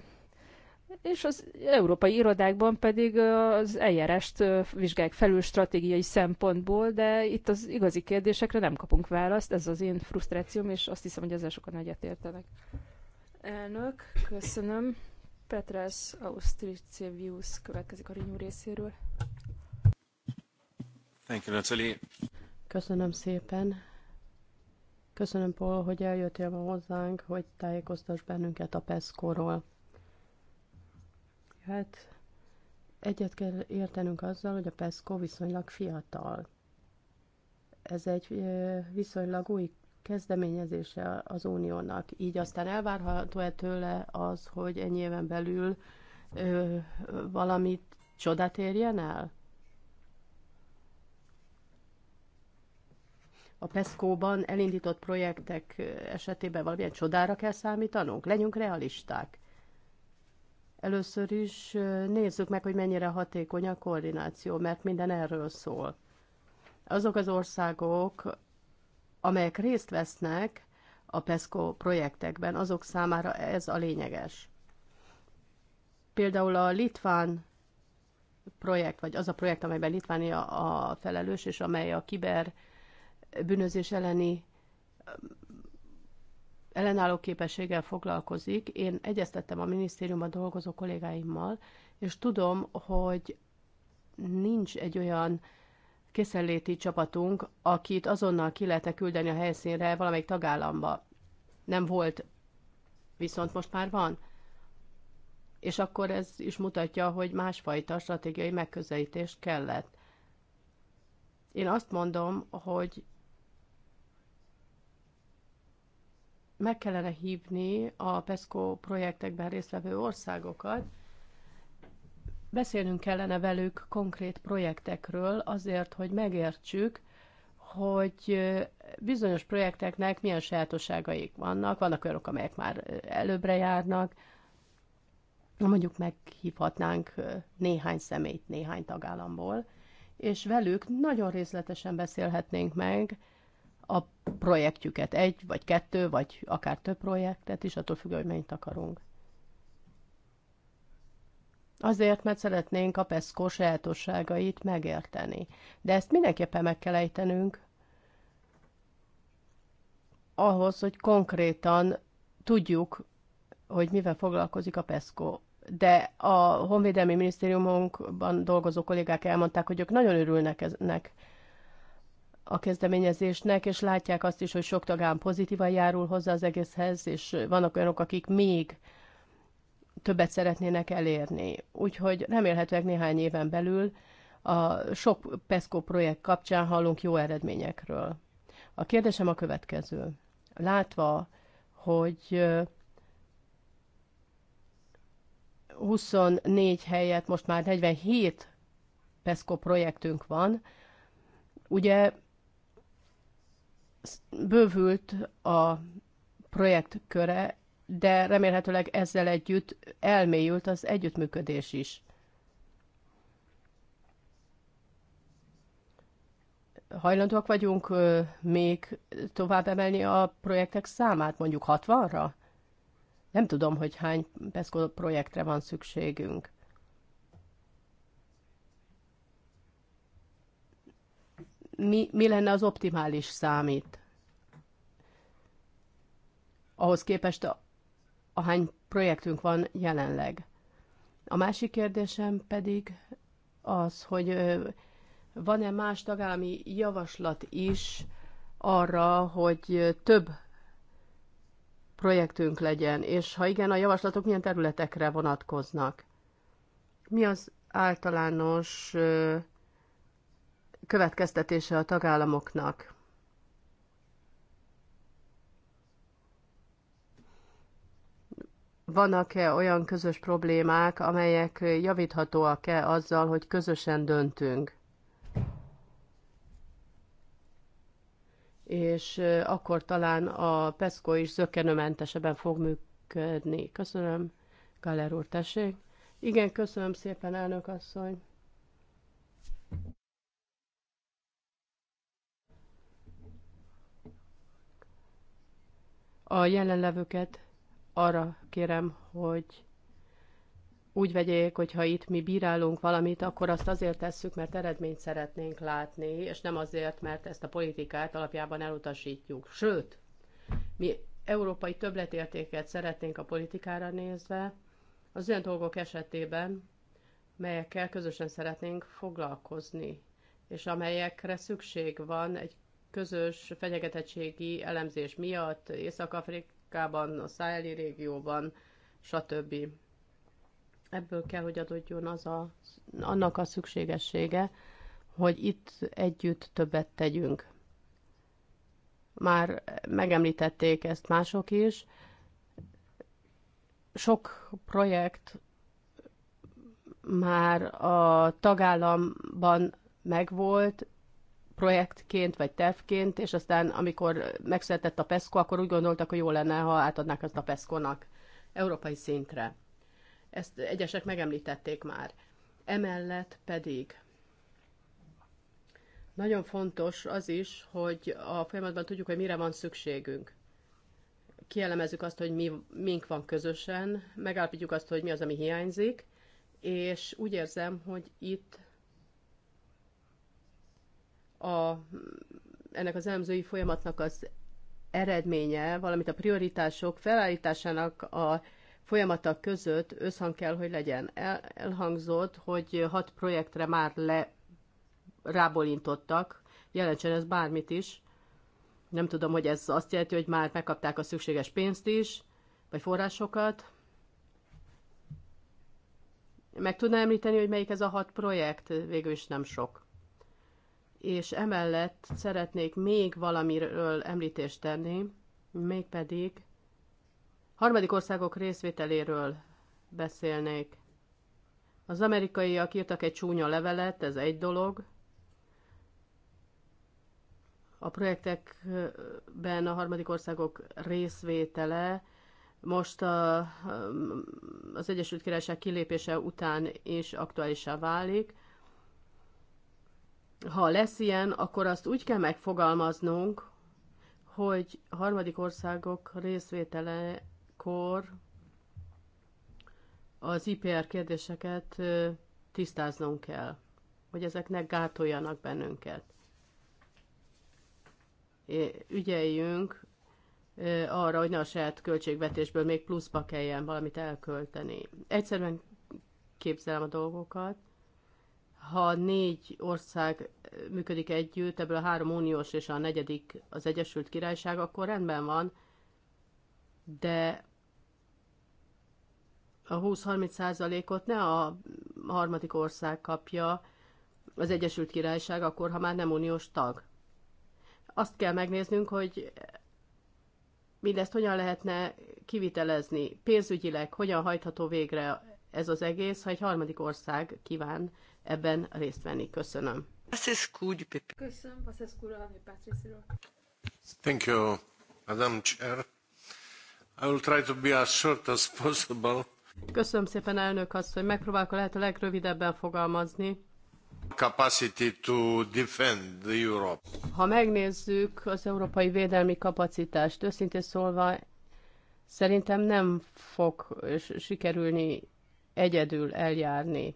és az európai irodákban pedig az eljárást vizsgálják felül stratégiai szempontból, de itt az igazi kérdésekre nem kapunk választ, ez az én frusztrációm, és azt hiszem, hogy ezzel sokan egyetértenek. Elnök, köszönöm. Petrász Austricevius következik a Rinyú részéről. Thank you, Natalie. Köszönöm szépen. Köszönöm, Paul, hogy eljöttél ma hozzánk, hogy tájékoztass bennünket a PESCO-ról. Hát egyet kell értenünk azzal, hogy a PESCO viszonylag fiatal. Ez egy viszonylag új kezdeményezése az uniónak. Így aztán elvárható-e tőle az, hogy ennyi éven belül ö, valamit csodát érjen el? A PESCO-ban elindított projektek esetében valamilyen csodára kell számítanunk? Legyünk realisták. Először is nézzük meg, hogy mennyire hatékony a koordináció, mert minden erről szól. Azok az országok, amelyek részt vesznek a PESCO projektekben, azok számára ez a lényeges. Például a litván projekt, vagy az a projekt, amelyben Litvánia a felelős, és amely a kiber bűnözés elleni ellenálló képességgel foglalkozik. Én egyeztettem a minisztériumban dolgozó kollégáimmal, és tudom, hogy nincs egy olyan készenléti csapatunk, akit azonnal ki lehetne küldeni a helyszínre valamelyik tagállamba. Nem volt, viszont most már van. És akkor ez is mutatja, hogy másfajta stratégiai megközelítés kellett. Én azt mondom, hogy meg kellene hívni a PESCO projektekben résztvevő országokat, beszélnünk kellene velük konkrét projektekről azért, hogy megértsük, hogy bizonyos projekteknek milyen sajátosságaik vannak, vannak olyanok, amelyek már előbbre járnak, mondjuk meghívhatnánk néhány személyt néhány tagállamból, és velük nagyon részletesen beszélhetnénk meg a projektjüket, egy, vagy kettő, vagy akár több projektet is, attól függ, hogy mennyit akarunk. Azért, mert szeretnénk a PESCO sajátosságait megérteni. De ezt mindenképpen meg kell ejtenünk, ahhoz, hogy konkrétan tudjuk, hogy mivel foglalkozik a PESCO. De a Honvédelmi Minisztériumunkban dolgozó kollégák elmondták, hogy ők nagyon örülnek ennek, a kezdeményezésnek, és látják azt is, hogy sok tagán pozitívan járul hozzá az egészhez, és vannak olyanok, akik még többet szeretnének elérni. Úgyhogy remélhetőleg néhány éven belül a sok PESCO projekt kapcsán hallunk jó eredményekről. A kérdésem a következő. Látva, hogy 24 helyet most már 47 PESCO projektünk van, ugye bővült a projekt köre, de remélhetőleg ezzel együtt elmélyült az együttműködés is. Hajlandóak vagyunk még tovább emelni a projektek számát, mondjuk 60-ra? Nem tudom, hogy hány PESCO projektre van szükségünk. mi, mi lenne az optimális számít, Ahhoz képest a, ahány projektünk van jelenleg. A másik kérdésem pedig az, hogy van-e más tagállami javaslat is arra, hogy több projektünk legyen, és ha igen, a javaslatok milyen területekre vonatkoznak? Mi az általános következtetése a tagállamoknak. Vannak-e olyan közös problémák, amelyek javíthatóak-e azzal, hogy közösen döntünk? És akkor talán a PESCO is zökkenőmentesebben fog működni. Köszönöm, Galler úr, tessék. Igen, köszönöm szépen, elnök asszony. A jelenlevőket arra kérem, hogy úgy vegyék, hogy ha itt mi bírálunk valamit, akkor azt azért tesszük, mert eredményt szeretnénk látni, és nem azért, mert ezt a politikát alapjában elutasítjuk. Sőt, mi európai többletértéket szeretnénk a politikára nézve, az olyan dolgok esetében, melyekkel közösen szeretnénk foglalkozni, és amelyekre szükség van egy közös fenyegetettségi elemzés miatt Észak-Afrikában, a Száheli régióban, stb. Ebből kell, hogy adódjon az a, annak a szükségessége, hogy itt együtt többet tegyünk. Már megemlítették ezt mások is. Sok projekt már a tagállamban megvolt, projektként vagy tervként, és aztán amikor megszületett a PESCO, akkor úgy gondoltak, hogy jó lenne, ha átadnák ezt a PESCO-nak európai szintre. Ezt egyesek megemlítették már. Emellett pedig nagyon fontos az is, hogy a folyamatban tudjuk, hogy mire van szükségünk. Kielemezzük azt, hogy mi, mink van közösen, megállapítjuk azt, hogy mi az, ami hiányzik, és úgy érzem, hogy itt a, ennek az elemzői folyamatnak az eredménye, valamint a prioritások felállításának a folyamata között összhang kell, hogy legyen. El, elhangzott, hogy hat projektre már le rábolintottak, jelentsen ez bármit is. Nem tudom, hogy ez azt jelenti, hogy már megkapták a szükséges pénzt is, vagy forrásokat. Meg tudná említeni, hogy melyik ez a hat projekt? Végül is nem sok és emellett szeretnék még valamiről említést tenni, mégpedig harmadik országok részvételéről beszélnék. Az amerikaiak írtak egy csúnya levelet, ez egy dolog. A projektekben a harmadik országok részvétele most a, az Egyesült Királyság kilépése után is aktuálisá válik ha lesz ilyen, akkor azt úgy kell megfogalmaznunk, hogy harmadik országok részvételekor az IPR kérdéseket tisztáznunk kell, hogy ezeknek gátoljanak bennünket. Ügyeljünk arra, hogy ne a saját költségvetésből még pluszba kelljen valamit elkölteni. Egyszerűen képzelem a dolgokat, ha négy ország eh, működik együtt, ebből a három uniós és a negyedik az Egyesült Királyság, akkor rendben van, de a 20-30 százalékot ne a harmadik ország kapja, az Egyesült Királyság, akkor ha már nem uniós tag. Azt kell megnéznünk, hogy mindezt hogyan lehetne kivitelezni, pénzügyileg hogyan hajtható végre ez az egész, ha egy harmadik ország kíván ebben részt venni. Köszönöm. Köszönöm, Paszeszkú a néppárt Thank you, Madam Chair. I will try to be as short as possible. Köszönöm szépen, elnök azt, hogy megpróbálok a lehető legrövidebben fogalmazni. Capacity to defend the Europe. Ha megnézzük az európai védelmi kapacitást, őszintén szólva, szerintem nem fog sikerülni egyedül eljárni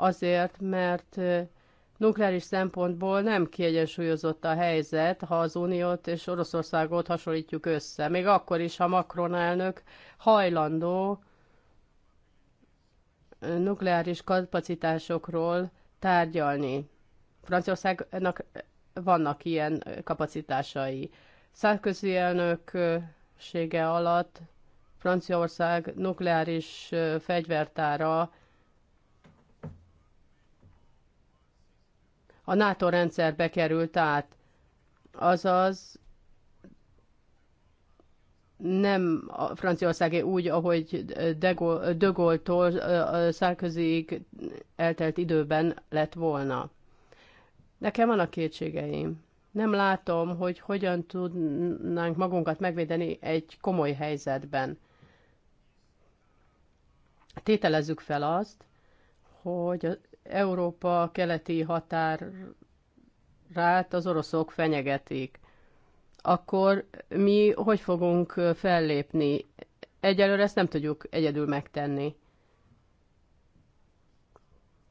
azért, mert nukleáris szempontból nem kiegyensúlyozott a helyzet, ha az Uniót és Oroszországot hasonlítjuk össze. Még akkor is, ha Macron elnök hajlandó nukleáris kapacitásokról tárgyalni. Franciaországnak vannak ilyen kapacitásai. Szárközi elnöksége alatt Franciaország nukleáris fegyvertára a NATO rendszerbe került át. Azaz nem a Franciaországé úgy, ahogy De Gaulle-tól Sarkozyig eltelt időben lett volna. Nekem a kétségeim. Nem látom, hogy hogyan tudnánk magunkat megvédeni egy komoly helyzetben. Tételezzük fel azt, hogy Európa keleti határát az oroszok fenyegetik, akkor mi hogy fogunk fellépni? Egyelőre ezt nem tudjuk egyedül megtenni.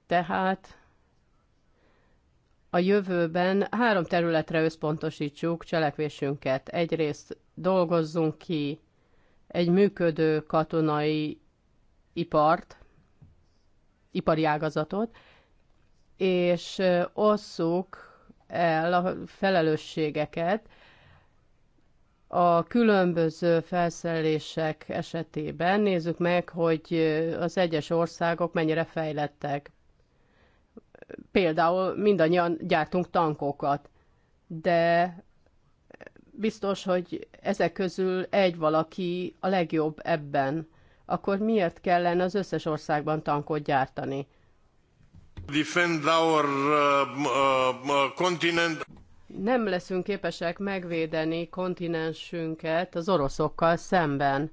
Tehát a jövőben három területre összpontosítsuk cselekvésünket. Egyrészt dolgozzunk ki egy működő katonai ipart, ipari ágazatot, és osszuk el a felelősségeket a különböző felszerelések esetében. Nézzük meg, hogy az egyes országok mennyire fejlettek. Például mindannyian gyártunk tankokat, de biztos, hogy ezek közül egy valaki a legjobb ebben akkor miért kellene az összes országban tankot gyártani? Defend our, uh, uh continent. Nem leszünk képesek megvédeni kontinensünket az oroszokkal szemben.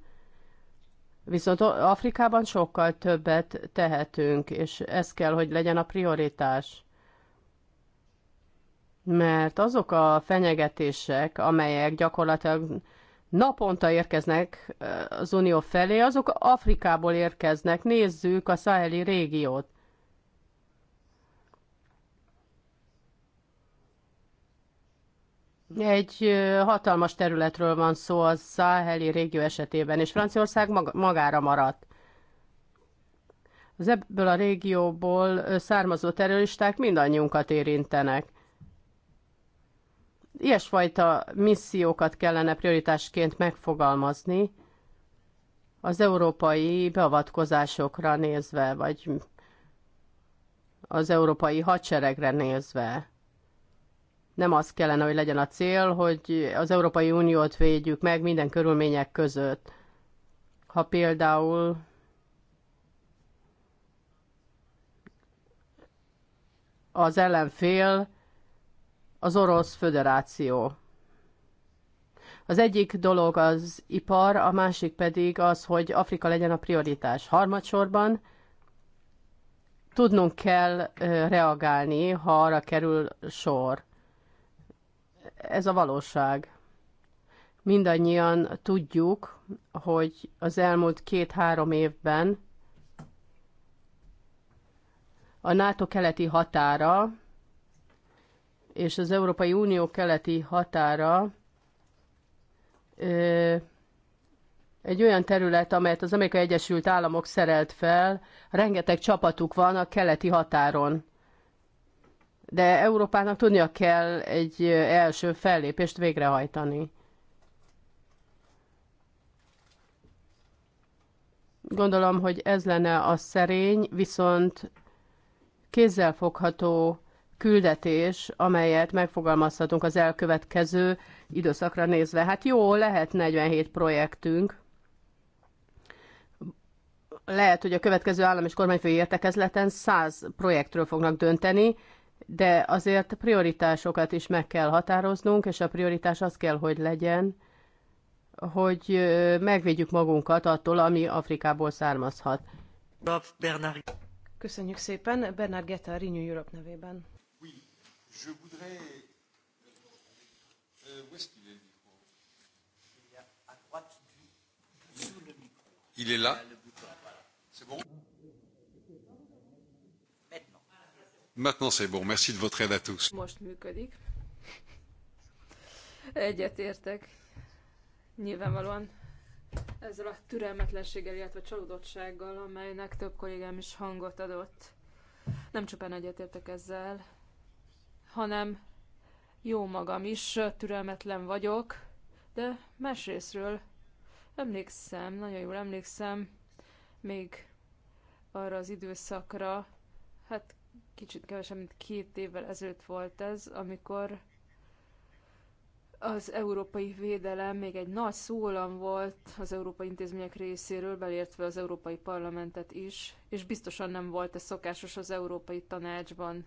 Viszont Afrikában sokkal többet tehetünk, és ez kell, hogy legyen a prioritás. Mert azok a fenyegetések, amelyek gyakorlatilag naponta érkeznek az Unió felé, azok Afrikából érkeznek. Nézzük a száheli régiót. Egy hatalmas területről van szó a száheli régió esetében, és Franciaország magára maradt. Az ebből a régióból származó terroristák mindannyiunkat érintenek. Ilyesfajta missziókat kellene prioritásként megfogalmazni az európai beavatkozásokra nézve, vagy az európai hadseregre nézve. Nem az kellene, hogy legyen a cél, hogy az Európai Uniót védjük meg minden körülmények között. Ha például az ellenfél az Orosz Föderáció. Az egyik dolog az ipar, a másik pedig az, hogy Afrika legyen a prioritás. Harmadsorban tudnunk kell reagálni, ha arra kerül sor. Ez a valóság. Mindannyian tudjuk, hogy az elmúlt két-három évben a NATO keleti határa és az Európai Unió keleti határa egy olyan terület, amelyet az Amerikai Egyesült Államok szerelt fel, rengeteg csapatuk van a keleti határon. De Európának tudnia kell egy első fellépést végrehajtani. Gondolom, hogy ez lenne a szerény, viszont kézzelfogható küldetés, amelyet megfogalmazhatunk az elkövetkező időszakra nézve. Hát jó, lehet 47 projektünk, lehet, hogy a következő állam és kormányfői értekezleten 100 projektről fognak dönteni, de azért prioritásokat is meg kell határoznunk, és a prioritás az kell, hogy legyen, hogy megvédjük magunkat attól, ami Afrikából származhat. Köszönjük szépen, Bernard Getta, Renew Europe nevében. Je voudrais. Euh, euh, où est-ce qu'il est le micro Il est à droite du. Sous le micro. Il est là C'est bon Maintenant. Maintenant c'est bon. Merci de votre aide à tous. Most működik. Egyetértek. Nyilvánvalóan ezzel a türelmetlenséggel, illetve csalódottsággal, amelynek több kollégám is hangot adott. Nem csupán egyetértek ezzel, hanem jó magam is türelmetlen vagyok, de másrésztről emlékszem, nagyon jól emlékszem, még arra az időszakra, hát kicsit kevesebb, mint két évvel ezelőtt volt ez, amikor az európai védelem még egy nagy szólam volt az európai intézmények részéről, belértve az európai parlamentet is, és biztosan nem volt ez szokásos az európai tanácsban.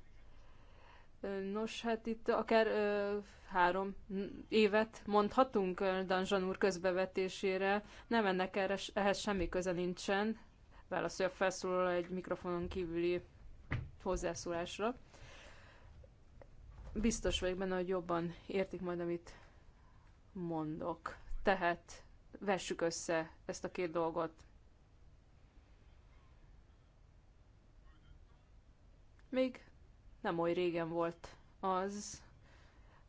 Nos, hát itt akár ö, három évet mondhatunk Danzsan úr közbevetésére. Nem ennek erre, ehhez semmi köze nincsen. Válaszolja felszólal egy mikrofonon kívüli hozzászólásra. Biztos vagyok benne, hogy jobban értik majd, amit mondok. Tehát vessük össze ezt a két dolgot. Még nem oly régen volt az,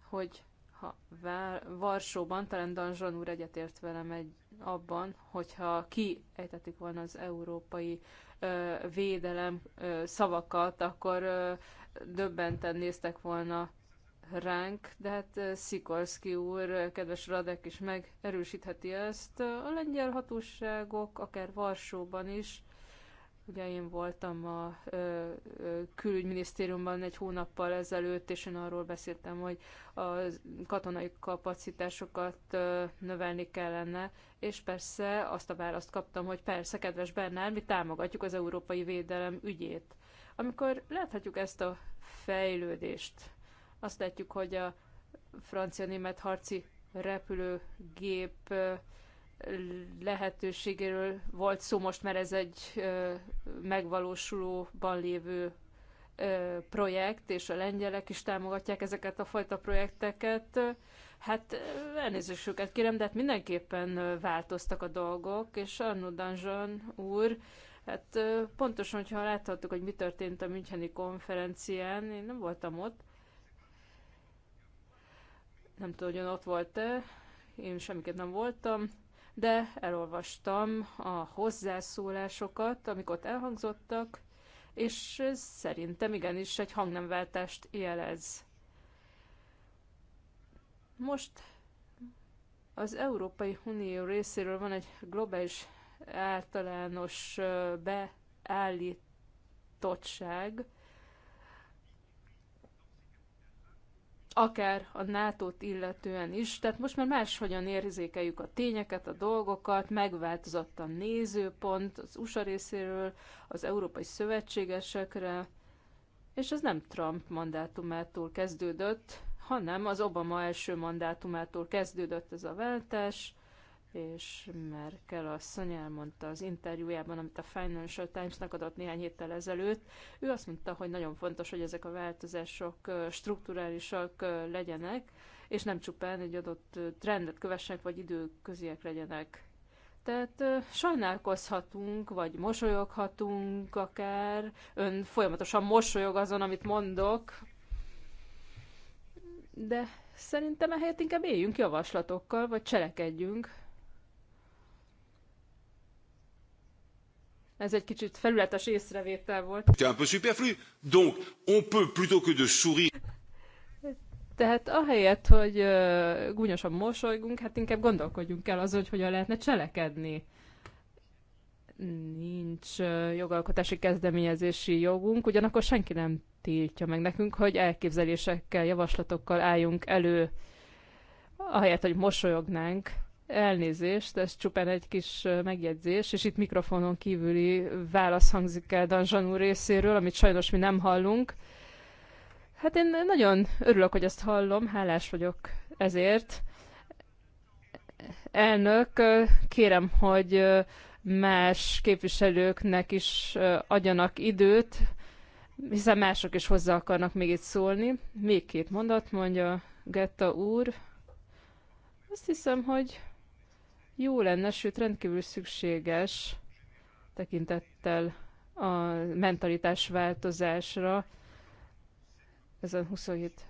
hogy ha Vár, Varsóban, talán Danzsan úr egyetért velem egy, abban, hogyha kiejtetik volna az európai ö, védelem ö, szavakat, akkor ö, döbbenten néztek volna ránk, de hát Szikorszki úr, kedves Radek is megerősítheti ezt. A lengyel hatóságok, akár Varsóban is Ugye én voltam a ö, külügyminisztériumban egy hónappal ezelőtt, és én arról beszéltem, hogy a katonai kapacitásokat ö, növelni kellene, és persze azt a választ kaptam, hogy persze, kedves Bernár, mi támogatjuk az európai védelem ügyét. Amikor láthatjuk ezt a fejlődést, azt látjuk, hogy a francia-német harci repülőgép lehetőségéről volt szó most, mert ez egy megvalósulóban lévő projekt, és a lengyelek is támogatják ezeket a fajta projekteket. Hát elnézésüket kérem, de hát mindenképpen változtak a dolgok, és Arno Dungeon úr, hát pontosan, hogyha láthattuk, hogy mi történt a Müncheni konferencián, én nem voltam ott, nem tudom, hogy ott volt-e, én semmiket nem voltam, de elolvastam a hozzászólásokat, amik ott elhangzottak, és ez szerintem igenis egy hangnemváltást jelez. Most az Európai Unió részéről van egy globális általános beállítottság, akár a NATO-t illetően is. Tehát most már máshogyan érzékeljük a tényeket, a dolgokat, megváltozott a nézőpont az USA részéről, az európai szövetségesekre, és ez nem Trump mandátumától kezdődött, hanem az Obama első mandátumától kezdődött ez a váltás, és Merkel asszony elmondta az interjújában, amit a Financial Times-nak adott néhány héttel ezelőtt. Ő azt mondta, hogy nagyon fontos, hogy ezek a változások strukturálisak legyenek, és nem csupán egy adott trendet kövessenek, vagy időköziek legyenek. Tehát sajnálkozhatunk, vagy mosolyoghatunk akár. Ön folyamatosan mosolyog azon, amit mondok. De szerintem ehelyett inkább éljünk javaslatokkal, vagy cselekedjünk. Ez egy kicsit felületes észrevétel volt. Te un peu superflu. Donc, on peut plutôt que de sourire. Tehát ahelyett, hogy uh, gúnyosan mosolygunk, hát inkább gondolkodjunk el azon, hogy hogyan lehetne cselekedni. Nincs uh, jogalkotási kezdeményezési jogunk, ugyanakkor senki nem tiltja meg nekünk, hogy elképzelésekkel, javaslatokkal álljunk elő, ahelyett, hogy mosolyognánk Elnézést, ez csupán egy kis megjegyzés, és itt mikrofonon kívüli válasz hangzik el Danzsan úr részéről, amit sajnos mi nem hallunk. Hát én nagyon örülök, hogy ezt hallom, hálás vagyok ezért. Elnök, kérem, hogy más képviselőknek is adjanak időt, hiszen mások is hozzá akarnak még itt szólni. Még két mondat mondja Getta úr. Azt hiszem, hogy jó lenne, sőt rendkívül szükséges tekintettel a mentalitás változásra ezen 27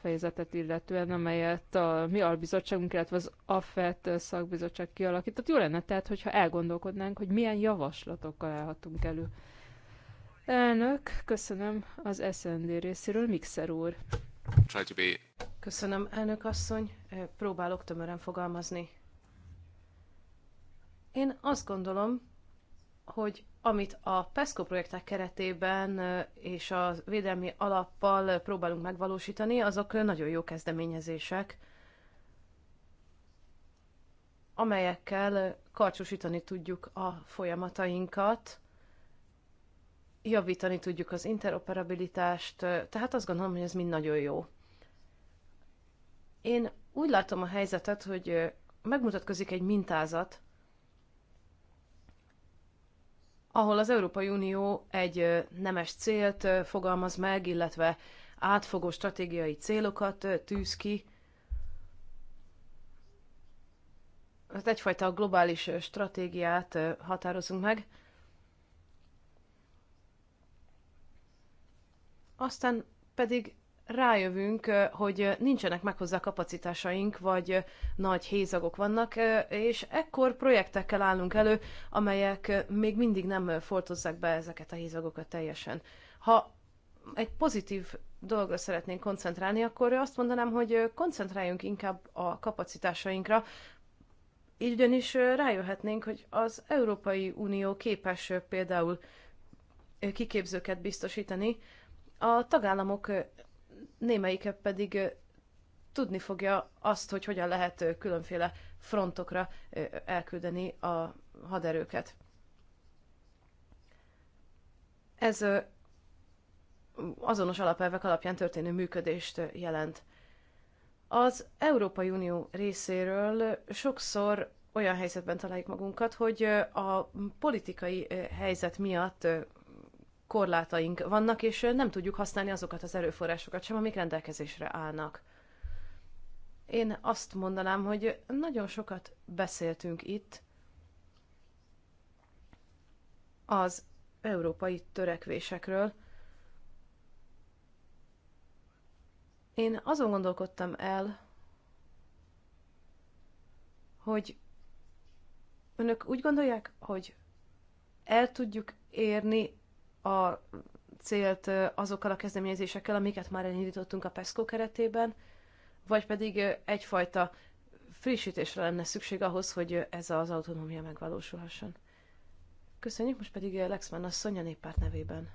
fejezetet illetően, amelyet a mi albizottságunk, illetve az AFET szakbizottság kialakított. Jó lenne tehát, hogyha elgondolkodnánk, hogy milyen javaslatokkal állhatunk elő. Elnök, köszönöm az SND részéről, Mixer úr. Köszönöm, elnök asszony. Próbálok tömören fogalmazni. Én azt gondolom, hogy amit a PESCO projektek keretében és a védelmi alappal próbálunk megvalósítani, azok nagyon jó kezdeményezések, amelyekkel karcsúsítani tudjuk a folyamatainkat, javítani tudjuk az interoperabilitást, tehát azt gondolom, hogy ez mind nagyon jó. Én úgy látom a helyzetet, hogy megmutatkozik egy mintázat, ahol az Európai Unió egy nemes célt fogalmaz meg, illetve átfogó stratégiai célokat tűz ki. Hát egyfajta globális stratégiát határozunk meg. Aztán pedig rájövünk, hogy nincsenek meg hozzá kapacitásaink, vagy nagy hézagok vannak, és ekkor projektekkel állunk elő, amelyek még mindig nem foltozzák be ezeket a hézagokat teljesen. Ha egy pozitív dologra szeretnénk koncentrálni, akkor azt mondanám, hogy koncentráljunk inkább a kapacitásainkra, így ugyanis rájöhetnénk, hogy az Európai Unió képes például kiképzőket biztosítani, a tagállamok némelyike pedig tudni fogja azt, hogy hogyan lehet különféle frontokra elküldeni a haderőket. Ez azonos alapelvek alapján történő működést jelent. Az Európai Unió részéről sokszor olyan helyzetben találjuk magunkat, hogy a politikai helyzet miatt korlátaink vannak, és nem tudjuk használni azokat az erőforrásokat sem, amik rendelkezésre állnak. Én azt mondanám, hogy nagyon sokat beszéltünk itt az európai törekvésekről. Én azon gondolkodtam el, hogy önök úgy gondolják, hogy el tudjuk érni a célt azokkal a kezdeményezésekkel, amiket már elindítottunk a PESCO keretében, vagy pedig egyfajta frissítésre lenne szükség ahhoz, hogy ez az autonómia megvalósulhasson. Köszönjük, most pedig Lexman asszony a néppárt nevében.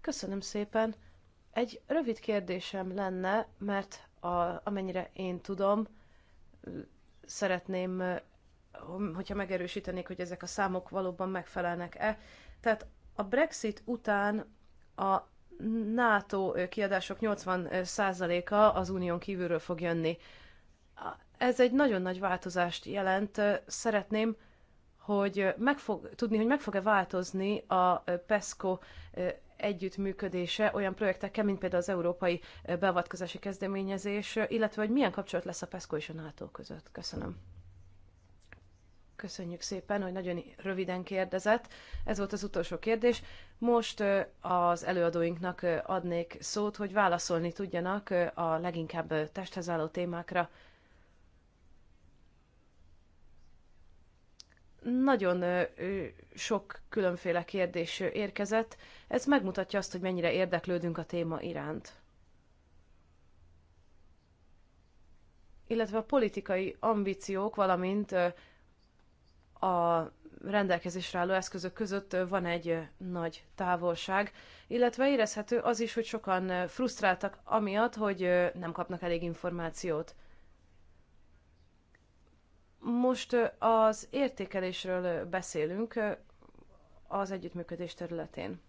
Köszönöm szépen. Egy rövid kérdésem lenne, mert a, amennyire én tudom, szeretném, hogyha megerősítenék, hogy ezek a számok valóban megfelelnek-e. Tehát a Brexit után a NATO kiadások 80%-a az unión kívülről fog jönni. Ez egy nagyon nagy változást jelent. Szeretném, hogy meg fog, tudni, hogy meg fog-e változni a PESCO együttműködése olyan projektekkel, mint például az Európai Beavatkozási Kezdeményezés, illetve hogy milyen kapcsolat lesz a PESCO és a NATO között. Köszönöm. Köszönjük szépen, hogy nagyon röviden kérdezett. Ez volt az utolsó kérdés. Most az előadóinknak adnék szót, hogy válaszolni tudjanak a leginkább testhez álló témákra. Nagyon sok különféle kérdés érkezett. Ez megmutatja azt, hogy mennyire érdeklődünk a téma iránt. Illetve a politikai ambíciók, valamint a rendelkezésre álló eszközök között van egy nagy távolság, illetve érezhető az is, hogy sokan frusztráltak amiatt, hogy nem kapnak elég információt. Most az értékelésről beszélünk az együttműködés területén.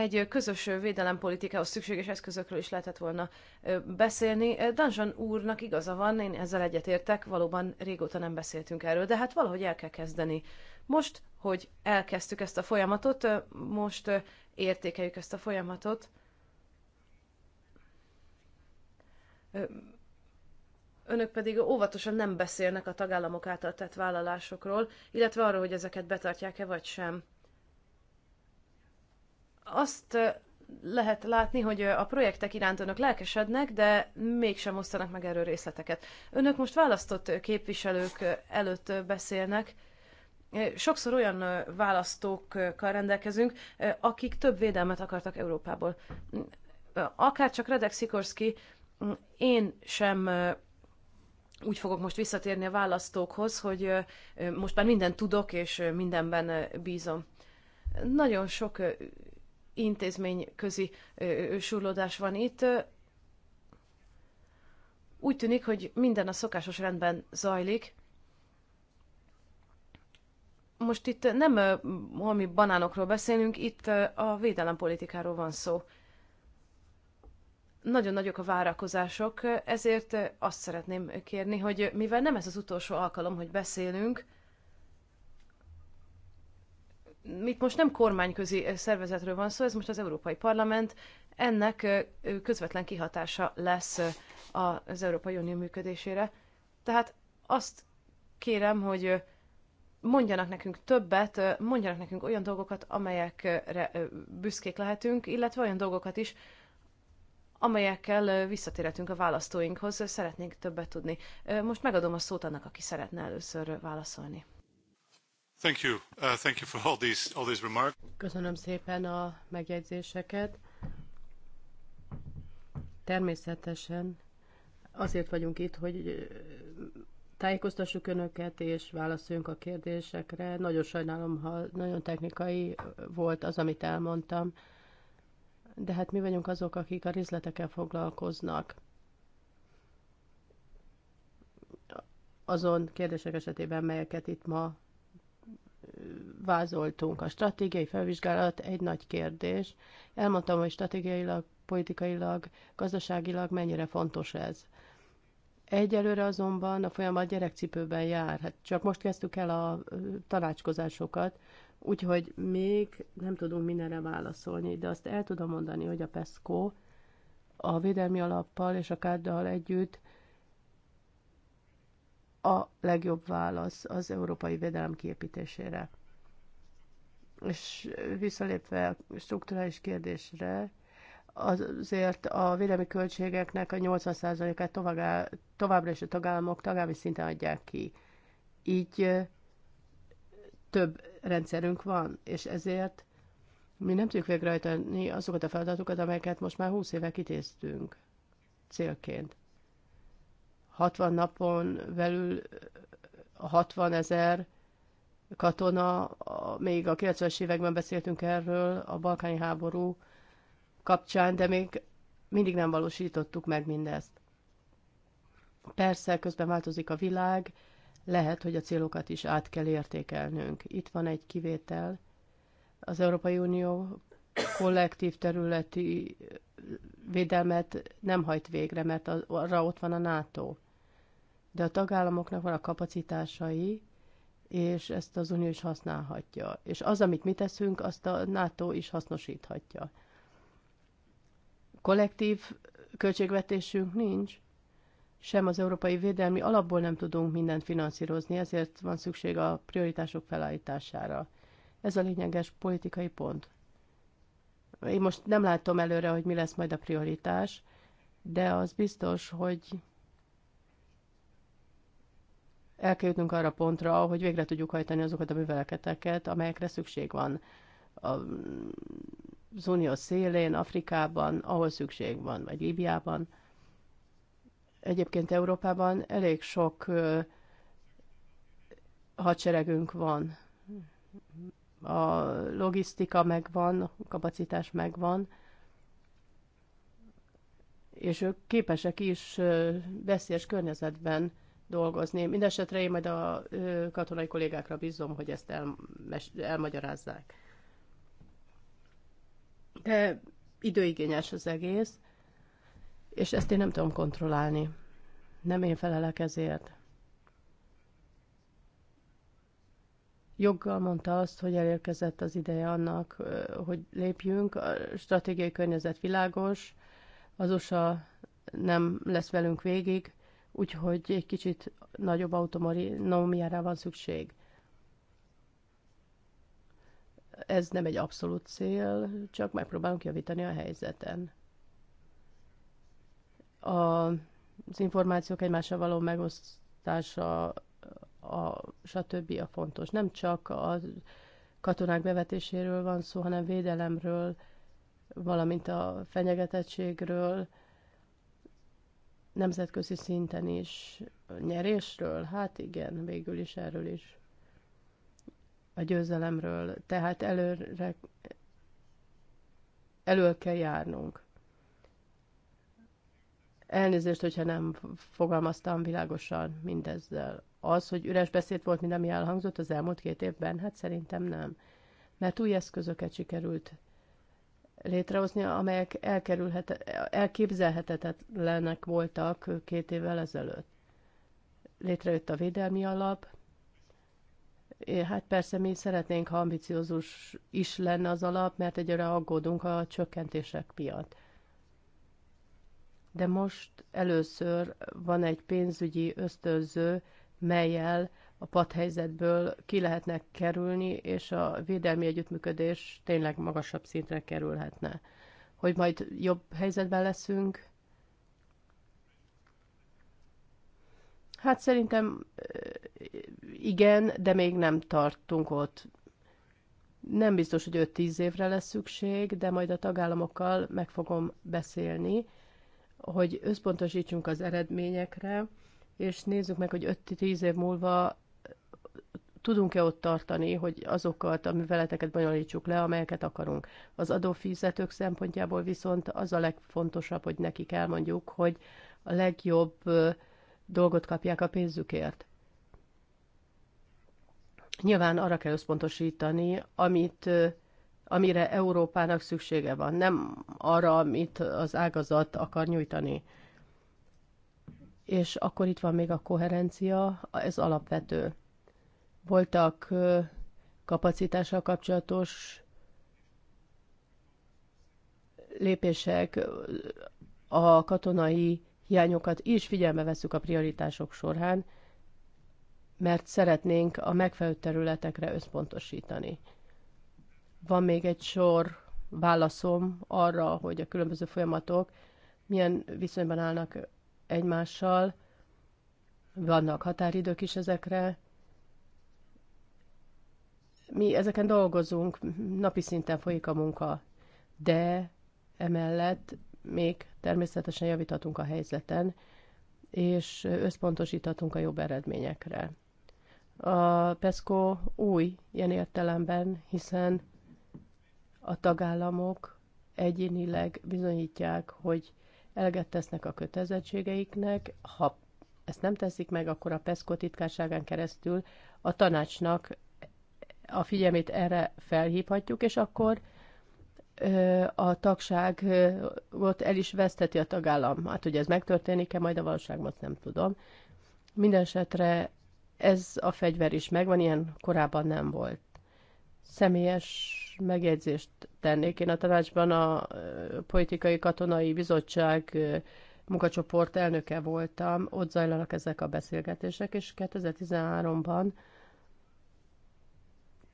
egy közös védelempolitikához szükséges eszközökről is lehetett volna beszélni. Danzsan úrnak igaza van, én ezzel egyetértek, valóban régóta nem beszéltünk erről, de hát valahogy el kell kezdeni. Most, hogy elkezdtük ezt a folyamatot, most értékeljük ezt a folyamatot. Önök pedig óvatosan nem beszélnek a tagállamok által tett vállalásokról, illetve arról, hogy ezeket betartják-e vagy sem azt lehet látni, hogy a projektek iránt önök lelkesednek, de mégsem osztanak meg erről részleteket. Önök most választott képviselők előtt beszélnek. Sokszor olyan választókkal rendelkezünk, akik több védelmet akartak Európából. Akár csak Redek Szikorszki, én sem úgy fogok most visszatérni a választókhoz, hogy most már mindent tudok, és mindenben bízom. Nagyon sok intézményközi súrlódás van itt. Úgy tűnik, hogy minden a szokásos rendben zajlik. Most itt nem valami banánokról beszélünk, itt a védelempolitikáról van szó. Nagyon nagyok a várakozások, ezért azt szeretném kérni, hogy mivel nem ez az utolsó alkalom, hogy beszélünk, itt most nem kormányközi eh, szervezetről van szó, ez most az Európai Parlament, ennek eh, közvetlen kihatása lesz eh, az Európai Unió működésére. Tehát azt kérem, hogy mondjanak nekünk többet, mondjanak nekünk olyan dolgokat, amelyekre büszkék lehetünk, illetve olyan dolgokat is, amelyekkel visszatérhetünk a választóinkhoz, szeretnénk többet tudni. Most megadom a szót annak, aki szeretne először válaszolni. Köszönöm szépen a megjegyzéseket. Természetesen azért vagyunk itt, hogy tájékoztassuk Önöket, és válaszoljunk a kérdésekre. Nagyon sajnálom, ha nagyon technikai volt az, amit elmondtam, de hát mi vagyunk azok, akik a részletekkel foglalkoznak. Azon kérdések esetében, melyeket itt ma vázoltunk. A stratégiai felvizsgálat egy nagy kérdés. Elmondtam, hogy stratégiailag, politikailag, gazdaságilag mennyire fontos ez. Egyelőre azonban a folyamat gyerekcipőben jár. Hát csak most kezdtük el a tanácskozásokat, úgyhogy még nem tudunk mindenre válaszolni, de azt el tudom mondani, hogy a PESCO a védelmi alappal és a kárdal együtt a legjobb válasz az európai védelem kiépítésére. És visszalépve a strukturális kérdésre, azért a védelmi költségeknek a 80%-át továbbra is a tagállamok tagállami szinten adják ki. Így több rendszerünk van, és ezért mi nem tudjuk végrehajtani azokat a feladatokat, amelyeket most már 20 éve kitéztünk célként. 60 napon belül 60 ezer katona, még a 90-es években beszéltünk erről a balkáni háború kapcsán, de még mindig nem valósítottuk meg mindezt. Persze, közben változik a világ, lehet, hogy a célokat is át kell értékelnünk. Itt van egy kivétel, az Európai Unió kollektív területi védelmet nem hajt végre, mert arra ott van a NATO de a tagállamoknak van a kapacitásai, és ezt az Unió is használhatja. És az, amit mi teszünk, azt a NATO is hasznosíthatja. Kollektív költségvetésünk nincs, sem az európai védelmi alapból nem tudunk mindent finanszírozni, ezért van szükség a prioritások felállítására. Ez a lényeges politikai pont. Én most nem látom előre, hogy mi lesz majd a prioritás, de az biztos, hogy el kell jutnunk arra pontra, hogy végre tudjuk hajtani azokat a műveleketeket, amelyekre szükség van az unió szélén, Afrikában, ahol szükség van, vagy Líbiában. Egyébként Európában elég sok hadseregünk van. A logisztika megvan, a kapacitás megvan, és ők képesek is veszélyes környezetben dolgozni. Mindenesetre én majd a katonai kollégákra bízom, hogy ezt elmagyarázzák. De időigényes az egész, és ezt én nem tudom kontrollálni. Nem én felelek ezért. Joggal mondta azt, hogy elérkezett az ideje annak, hogy lépjünk. A stratégiai környezet világos, az USA nem lesz velünk végig, úgyhogy egy kicsit nagyobb autonómiára van szükség. Ez nem egy abszolút cél, csak megpróbálunk javítani a helyzeten. A, az információk egymással való megosztása, a, stb. a fontos. Nem csak a katonák bevetéséről van szó, hanem védelemről, valamint a fenyegetettségről, nemzetközi szinten is nyerésről? Hát igen, végül is erről is. A győzelemről. Tehát előre, elő kell járnunk. Elnézést, hogyha nem fogalmaztam világosan mindezzel. Az, hogy üres beszéd volt, mint ami elhangzott az elmúlt két évben, hát szerintem nem. Mert új eszközöket sikerült létrehozni, amelyek elképzelhetetlenek voltak két évvel ezelőtt. Létrejött a védelmi alap, Hát persze mi szeretnénk, ha ambiciózus is lenne az alap, mert egyre aggódunk a csökkentések miatt. De most először van egy pénzügyi ösztönző, melyel a padhelyzetből ki lehetne kerülni, és a védelmi együttműködés tényleg magasabb szintre kerülhetne. Hogy majd jobb helyzetben leszünk? Hát szerintem igen, de még nem tartunk ott. Nem biztos, hogy 5-10 évre lesz szükség, de majd a tagállamokkal meg fogom beszélni, hogy összpontosítsunk az eredményekre, és nézzük meg, hogy 5-10 év múlva tudunk-e ott tartani, hogy azokat a műveleteket bonyolítsuk le, amelyeket akarunk. Az adófizetők szempontjából viszont az a legfontosabb, hogy nekik elmondjuk, hogy a legjobb dolgot kapják a pénzükért. Nyilván arra kell összpontosítani, amit, amire Európának szüksége van, nem arra, amit az ágazat akar nyújtani. És akkor itt van még a koherencia, ez alapvető. Voltak kapacitással kapcsolatos lépések, a katonai hiányokat is figyelme veszük a prioritások során, mert szeretnénk a megfelelő területekre összpontosítani. Van még egy sor válaszom arra, hogy a különböző folyamatok milyen viszonyban állnak egymással, vannak határidők is ezekre, mi ezeken dolgozunk, napi szinten folyik a munka, de emellett még természetesen javíthatunk a helyzeten, és összpontosíthatunk a jobb eredményekre. A PESCO új ilyen értelemben, hiszen a tagállamok egyénileg bizonyítják, hogy eleget tesznek a kötelezettségeiknek, ha ezt nem teszik meg, akkor a PESCO titkárságán keresztül a tanácsnak a figyelmét erre felhívhatjuk, és akkor a tagságot el is veszteti a tagállam. Hát, hogy ez megtörténik-e, majd a valóságban nem tudom. Mindenesetre ez a fegyver is megvan, ilyen korábban nem volt. Személyes megjegyzést tennék. Én a tanácsban a Politikai Katonai Bizottság munkacsoport elnöke voltam, ott zajlanak ezek a beszélgetések, és 2013-ban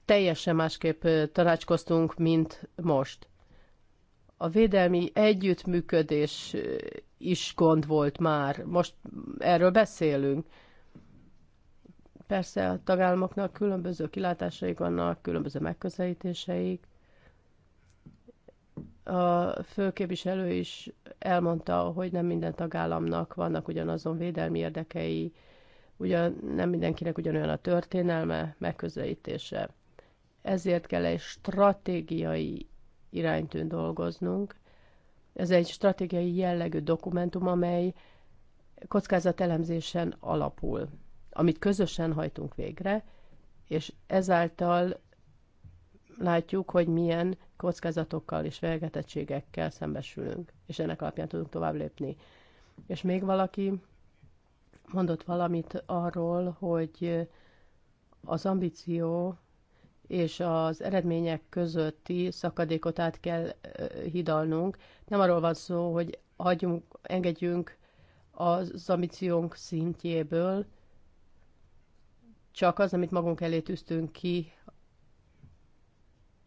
teljesen másképp tanácskoztunk, mint most. A védelmi együttműködés is gond volt már. Most erről beszélünk. Persze a tagállamoknak különböző kilátásaik vannak, különböző megközelítéseik. A főképviselő is elmondta, hogy nem minden tagállamnak vannak ugyanazon védelmi érdekei, ugyan nem mindenkinek ugyanolyan a történelme, megközelítése ezért kell egy stratégiai iránytűn dolgoznunk. Ez egy stratégiai jellegű dokumentum, amely kockázatelemzésen alapul, amit közösen hajtunk végre, és ezáltal látjuk, hogy milyen kockázatokkal és felgetettségekkel szembesülünk, és ennek alapján tudunk tovább lépni. És még valaki mondott valamit arról, hogy az ambíció és az eredmények közötti szakadékot át kell hidalnunk. Nem arról van szó, hogy hagyjunk, engedjünk az ambíciónk szintjéből, csak az, amit magunk elé tűztünk ki,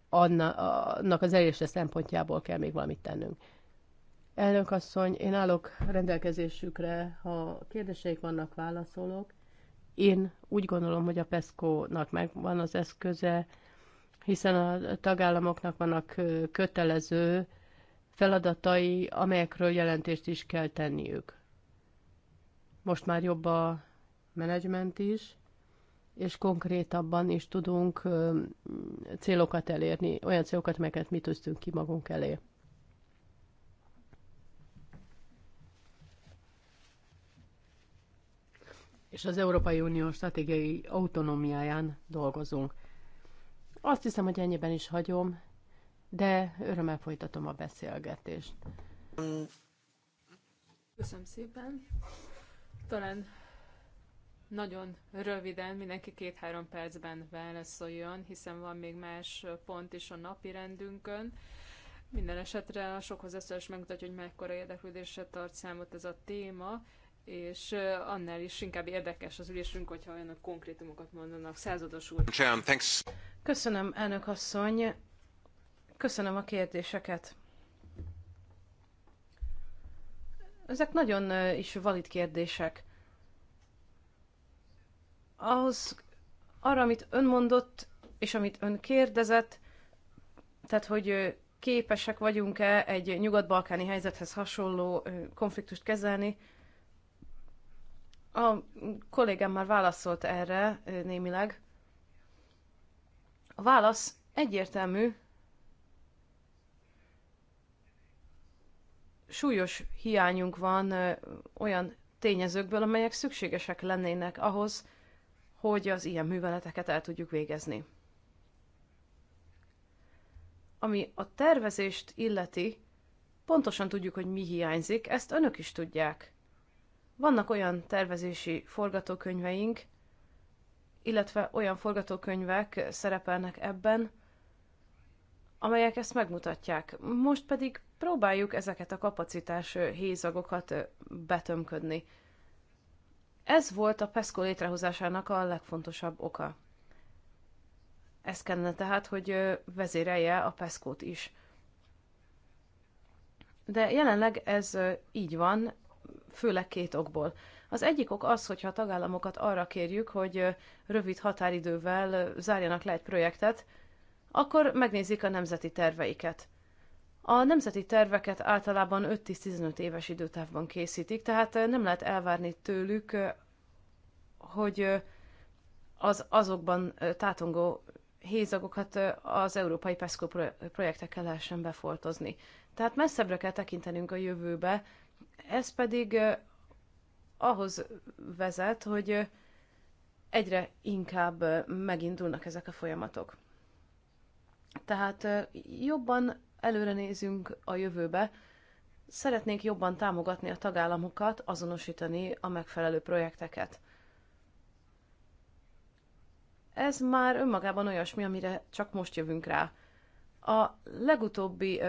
annak az elérése szempontjából kell még valamit tennünk. Elnök asszony, én állok rendelkezésükre, ha kérdéseik vannak, válaszolok. Én úgy gondolom, hogy a PESCO-nak megvan az eszköze, hiszen a tagállamoknak vannak kötelező feladatai, amelyekről jelentést is kell tenniük. Most már jobb a menedzsment is, és konkrétabban is tudunk célokat elérni, olyan célokat, melyeket mi tűztünk ki magunk elé. és az Európai Unió stratégiai autonómiáján dolgozunk. Azt hiszem, hogy ennyiben is hagyom, de örömmel folytatom a beszélgetést. Köszönöm szépen. Talán nagyon röviden, mindenki két-három percben válaszoljon, hiszen van még más pont is a napi rendünkön. Minden esetre a sok hozzászólás megmutatja, hogy mekkora érdeklődésre tart számot ez a téma, és annál is inkább érdekes az ülésünk, hogyha olyan konkrétumokat mondanak. Százados úr. Köszönöm, elnök asszony. Köszönöm a kérdéseket. Ezek nagyon is valid kérdések. Az arra, amit ön mondott, és amit ön kérdezett, tehát hogy képesek vagyunk-e egy nyugat-balkáni helyzethez hasonló konfliktust kezelni, a kollégám már válaszolt erre némileg. A válasz egyértelmű. Súlyos hiányunk van olyan tényezőkből, amelyek szükségesek lennének ahhoz, hogy az ilyen műveleteket el tudjuk végezni. Ami a tervezést illeti, pontosan tudjuk, hogy mi hiányzik, ezt önök is tudják. Vannak olyan tervezési forgatókönyveink, illetve olyan forgatókönyvek szerepelnek ebben, amelyek ezt megmutatják. Most pedig próbáljuk ezeket a kapacitás hézagokat betömködni. Ez volt a PESCO létrehozásának a legfontosabb oka. Ez kellene tehát, hogy vezérelje a pesco is. De jelenleg ez így van, főleg két okból. Az egyik ok az, hogyha a tagállamokat arra kérjük, hogy rövid határidővel zárjanak le egy projektet, akkor megnézik a nemzeti terveiket. A nemzeti terveket általában 5-10-15 éves időtávban készítik, tehát nem lehet elvárni tőlük, hogy az azokban tátongó hézagokat az európai PESCO projektekkel lehessen befoltozni. Tehát messzebbre kell tekintenünk a jövőbe, ez pedig ahhoz vezet, hogy egyre inkább megindulnak ezek a folyamatok. Tehát jobban előre nézünk a jövőbe, szeretnénk jobban támogatni a tagállamokat, azonosítani a megfelelő projekteket. Ez már önmagában olyasmi, amire csak most jövünk rá. A legutóbbi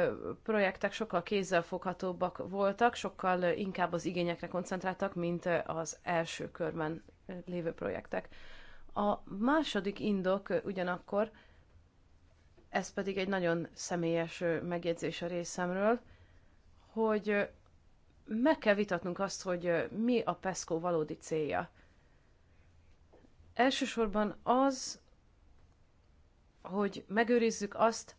projektek sokkal kézzelfoghatóbbak voltak, sokkal inkább az igényekre koncentráltak, mint az első körben lévő projektek. A második indok ugyanakkor, ez pedig egy nagyon személyes megjegyzés a részemről, hogy meg kell vitatnunk azt, hogy mi a PESCO valódi célja. Elsősorban az, hogy megőrizzük azt,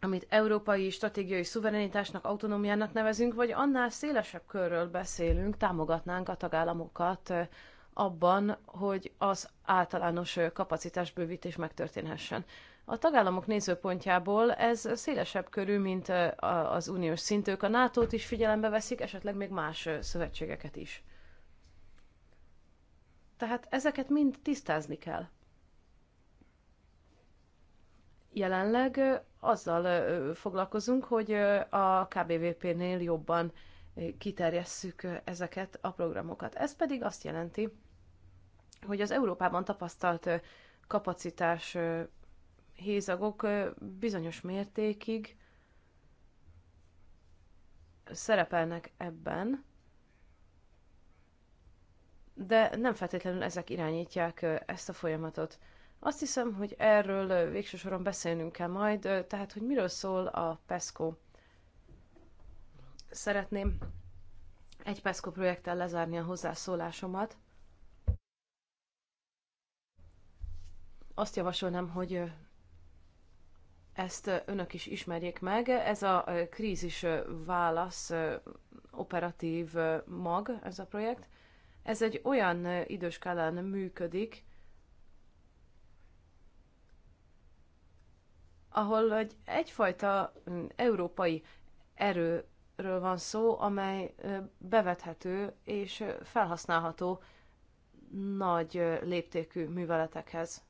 amit európai stratégiai szuverenitásnak, autonómiának nevezünk, vagy annál szélesebb körről beszélünk, támogatnánk a tagállamokat abban, hogy az általános kapacitásbővítés megtörténhessen. A tagállamok nézőpontjából ez szélesebb körül, mint az uniós szintők. A NATO-t is figyelembe veszik, esetleg még más szövetségeket is. Tehát ezeket mind tisztázni kell. Jelenleg azzal foglalkozunk, hogy a KBVP-nél jobban kiterjesszük ezeket a programokat. Ez pedig azt jelenti, hogy az Európában tapasztalt kapacitás hézagok bizonyos mértékig szerepelnek ebben, de nem feltétlenül ezek irányítják ezt a folyamatot. Azt hiszem, hogy erről végső soron beszélnünk kell majd, tehát hogy miről szól a PESCO. Szeretném egy PESCO projekttel lezárni a hozzászólásomat. Azt javasolnám, hogy ezt önök is ismerjék meg. Ez a krízis válasz operatív mag, ez a projekt. Ez egy olyan időskálán működik, ahol egy, egyfajta mm, európai erőről van szó, amely bevethető és felhasználható nagy léptékű műveletekhez.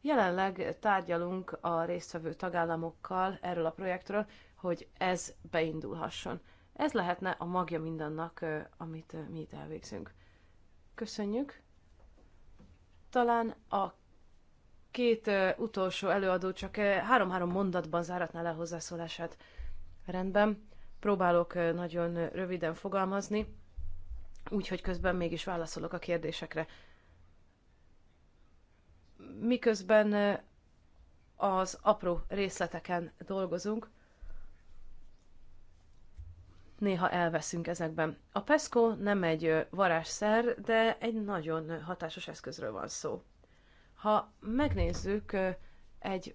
Jelenleg tárgyalunk a résztvevő tagállamokkal erről a projektről, hogy ez beindulhasson. Ez lehetne a magja mindannak, amit mi itt elvégzünk. Köszönjük! Talán a két utolsó előadó csak három-három mondatban záratná le hozzászólását. Rendben, próbálok nagyon röviden fogalmazni, úgyhogy közben mégis válaszolok a kérdésekre. Miközben az apró részleteken dolgozunk, néha elveszünk ezekben. A PESCO nem egy varázsszer, de egy nagyon hatásos eszközről van szó. Ha megnézzük egy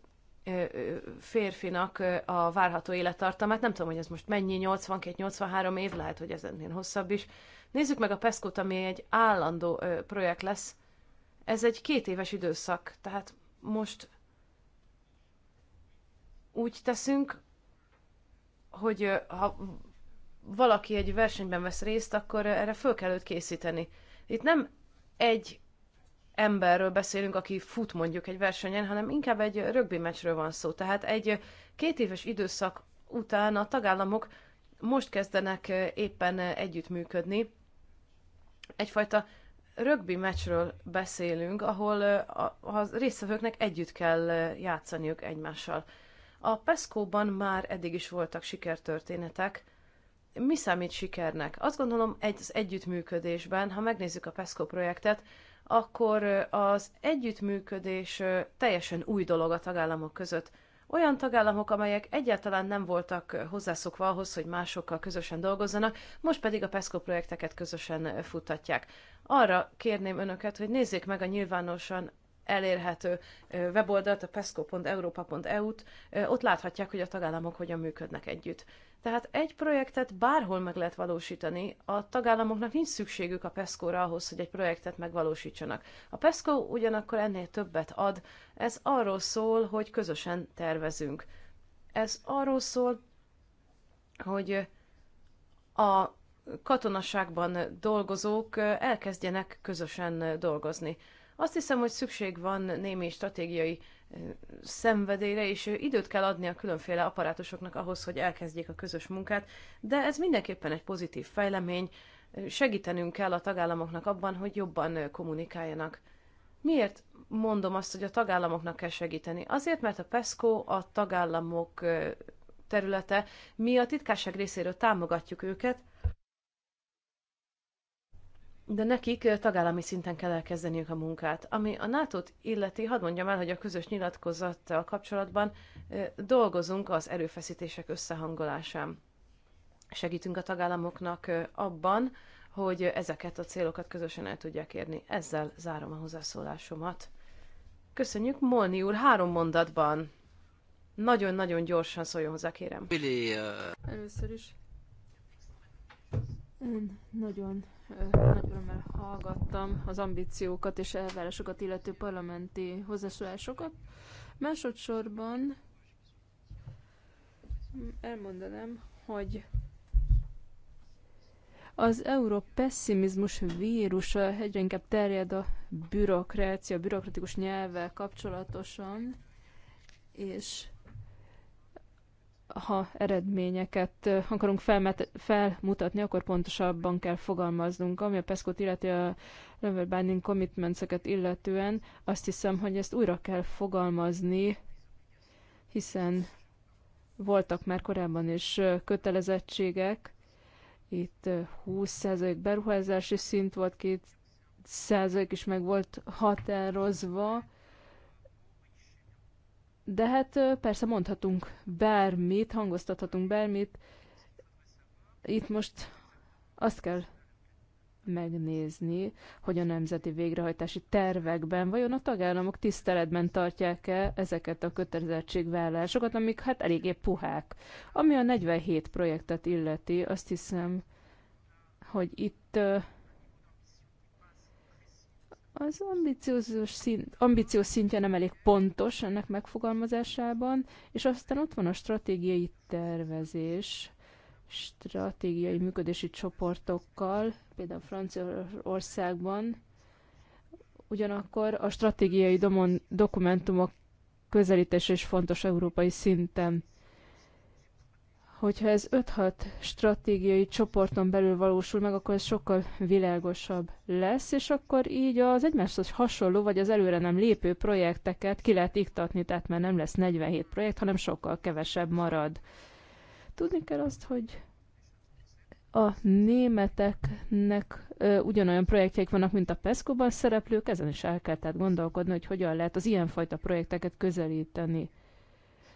férfinak a várható élettartamát, nem tudom, hogy ez most mennyi, 82-83 év, lehet, hogy ez ennél hosszabb is. Nézzük meg a Peszkót, ami egy állandó projekt lesz. Ez egy két éves időszak, tehát most úgy teszünk, hogy ha valaki egy versenyben vesz részt, akkor erre föl kell őt készíteni. Itt nem egy emberről beszélünk, aki fut mondjuk egy versenyen, hanem inkább egy rögbi meccsről van szó. Tehát egy két éves időszak után a tagállamok most kezdenek eh, éppen eh, együttműködni. Egyfajta rögbi meccsről beszélünk, ahol eh, a, résztvevőknek együtt kell játszaniuk egymással. A Peszkóban már eddig is voltak sikertörténetek. Mi számít sikernek? Azt gondolom, egy, az együttműködésben, ha megnézzük a PESCO projektet, akkor az együttműködés teljesen új dolog a tagállamok között. Olyan tagállamok, amelyek egyáltalán nem voltak hozzászokva ahhoz, hogy másokkal közösen dolgozzanak, most pedig a PESCO projekteket közösen futtatják. Arra kérném önöket, hogy nézzék meg a nyilvánosan elérhető weboldalt, a pesco.europa.eu-t, ott láthatják, hogy a tagállamok hogyan működnek együtt. Tehát egy projektet bárhol meg lehet valósítani, a tagállamoknak nincs szükségük a PESCO-ra ahhoz, hogy egy projektet megvalósítsanak. A PESCO ugyanakkor ennél többet ad, ez arról szól, hogy közösen tervezünk. Ez arról szól, hogy a katonaságban dolgozók elkezdjenek közösen dolgozni. Azt hiszem, hogy szükség van némi stratégiai szenvedélyre, és időt kell adni a különféle apparátusoknak ahhoz, hogy elkezdjék a közös munkát, de ez mindenképpen egy pozitív fejlemény, segítenünk kell a tagállamoknak abban, hogy jobban kommunikáljanak. Miért mondom azt, hogy a tagállamoknak kell segíteni? Azért, mert a PESCO a tagállamok területe, mi a titkárság részéről támogatjuk őket, de nekik tagállami szinten kell elkezdeniük a munkát. Ami a nato illeti, hadd mondjam el, hogy a közös nyilatkozattal kapcsolatban dolgozunk az erőfeszítések összehangolásán. Segítünk a tagállamoknak abban, hogy ezeket a célokat közösen el tudják érni. Ezzel zárom a hozzászólásomat. Köszönjük, Molni úr, három mondatban. Nagyon-nagyon gyorsan szóljon hozzá, kérem. Először is. Ön nagyon nagy örömmel hallgattam az ambíciókat és elvárásokat illető parlamenti hozzászólásokat. Másodszorban elmondanám, hogy az pessimizmus vírusa egyre inkább terjed a bürokrácia, a bürokratikus nyelvvel kapcsolatosan, és ha eredményeket akarunk felmutatni, akkor pontosabban kell fogalmaznunk. Ami a PESCO-t illeti a Level Binding commitments illetően, azt hiszem, hogy ezt újra kell fogalmazni, hiszen voltak már korábban is kötelezettségek, itt 20% beruházási szint volt, 2% is meg volt határozva, de hát persze mondhatunk bármit, hangoztathatunk bármit. Itt most azt kell megnézni, hogy a nemzeti végrehajtási tervekben vajon a tagállamok tiszteletben tartják-e ezeket a kötelezettségvállásokat, amik hát eléggé puhák. Ami a 47 projektet illeti, azt hiszem, hogy itt az ambiciózus szint, ambiciós szintje nem elég pontos ennek megfogalmazásában, és aztán ott van a stratégiai tervezés, stratégiai működési csoportokkal, például Franciaországban, ugyanakkor a stratégiai domon, dokumentumok közelítése is fontos európai szinten hogyha ez 5-6 stratégiai csoporton belül valósul meg, akkor ez sokkal világosabb lesz, és akkor így az egymáshoz hasonló, vagy az előre nem lépő projekteket ki lehet iktatni, tehát már nem lesz 47 projekt, hanem sokkal kevesebb marad. Tudni kell azt, hogy a németeknek ö, ugyanolyan projektjeik vannak, mint a PESCO-ban szereplők, ezen is el kell tehát gondolkodni, hogy hogyan lehet az ilyenfajta projekteket közelíteni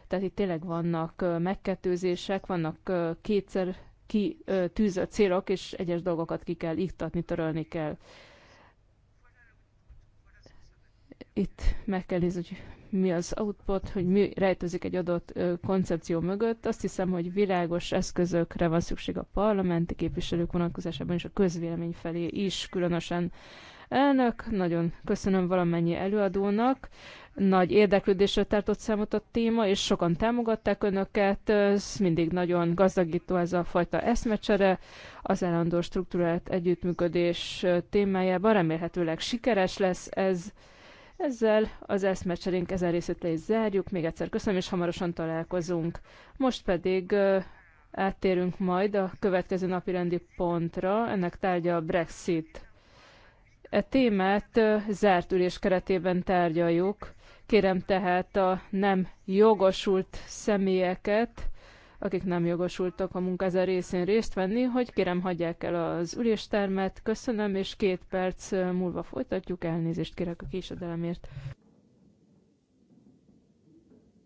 tehát itt tényleg vannak megkettőzések, vannak kétszer ki célok, és egyes dolgokat ki kell iktatni, törölni kell. Itt meg kell nézni, hogy mi az output, hogy mi rejtőzik egy adott koncepció mögött. Azt hiszem, hogy világos eszközökre van szükség a parlamenti képviselők vonatkozásában és a közvélemény felé is, különösen Elnök, nagyon köszönöm valamennyi előadónak. Nagy érdeklődésre tartott számot a téma, és sokan támogatták önöket. Ez mindig nagyon gazdagító ez a fajta eszmecsere. Az állandó struktúrált együttműködés témájában remélhetőleg sikeres lesz ez. Ezzel az eszmecserénk ezen részét le is zárjuk. Még egyszer köszönöm, és hamarosan találkozunk. Most pedig áttérünk majd a következő napi rendi pontra. Ennek tárgya a Brexit. E témát zárt ülés keretében tárgyaljuk. Kérem tehát a nem jogosult személyeket, akik nem jogosultak a munkáza részén részt venni, hogy kérem hagyják el az üléstermet. Köszönöm, és két perc múlva folytatjuk. Elnézést kérek a késedelemért.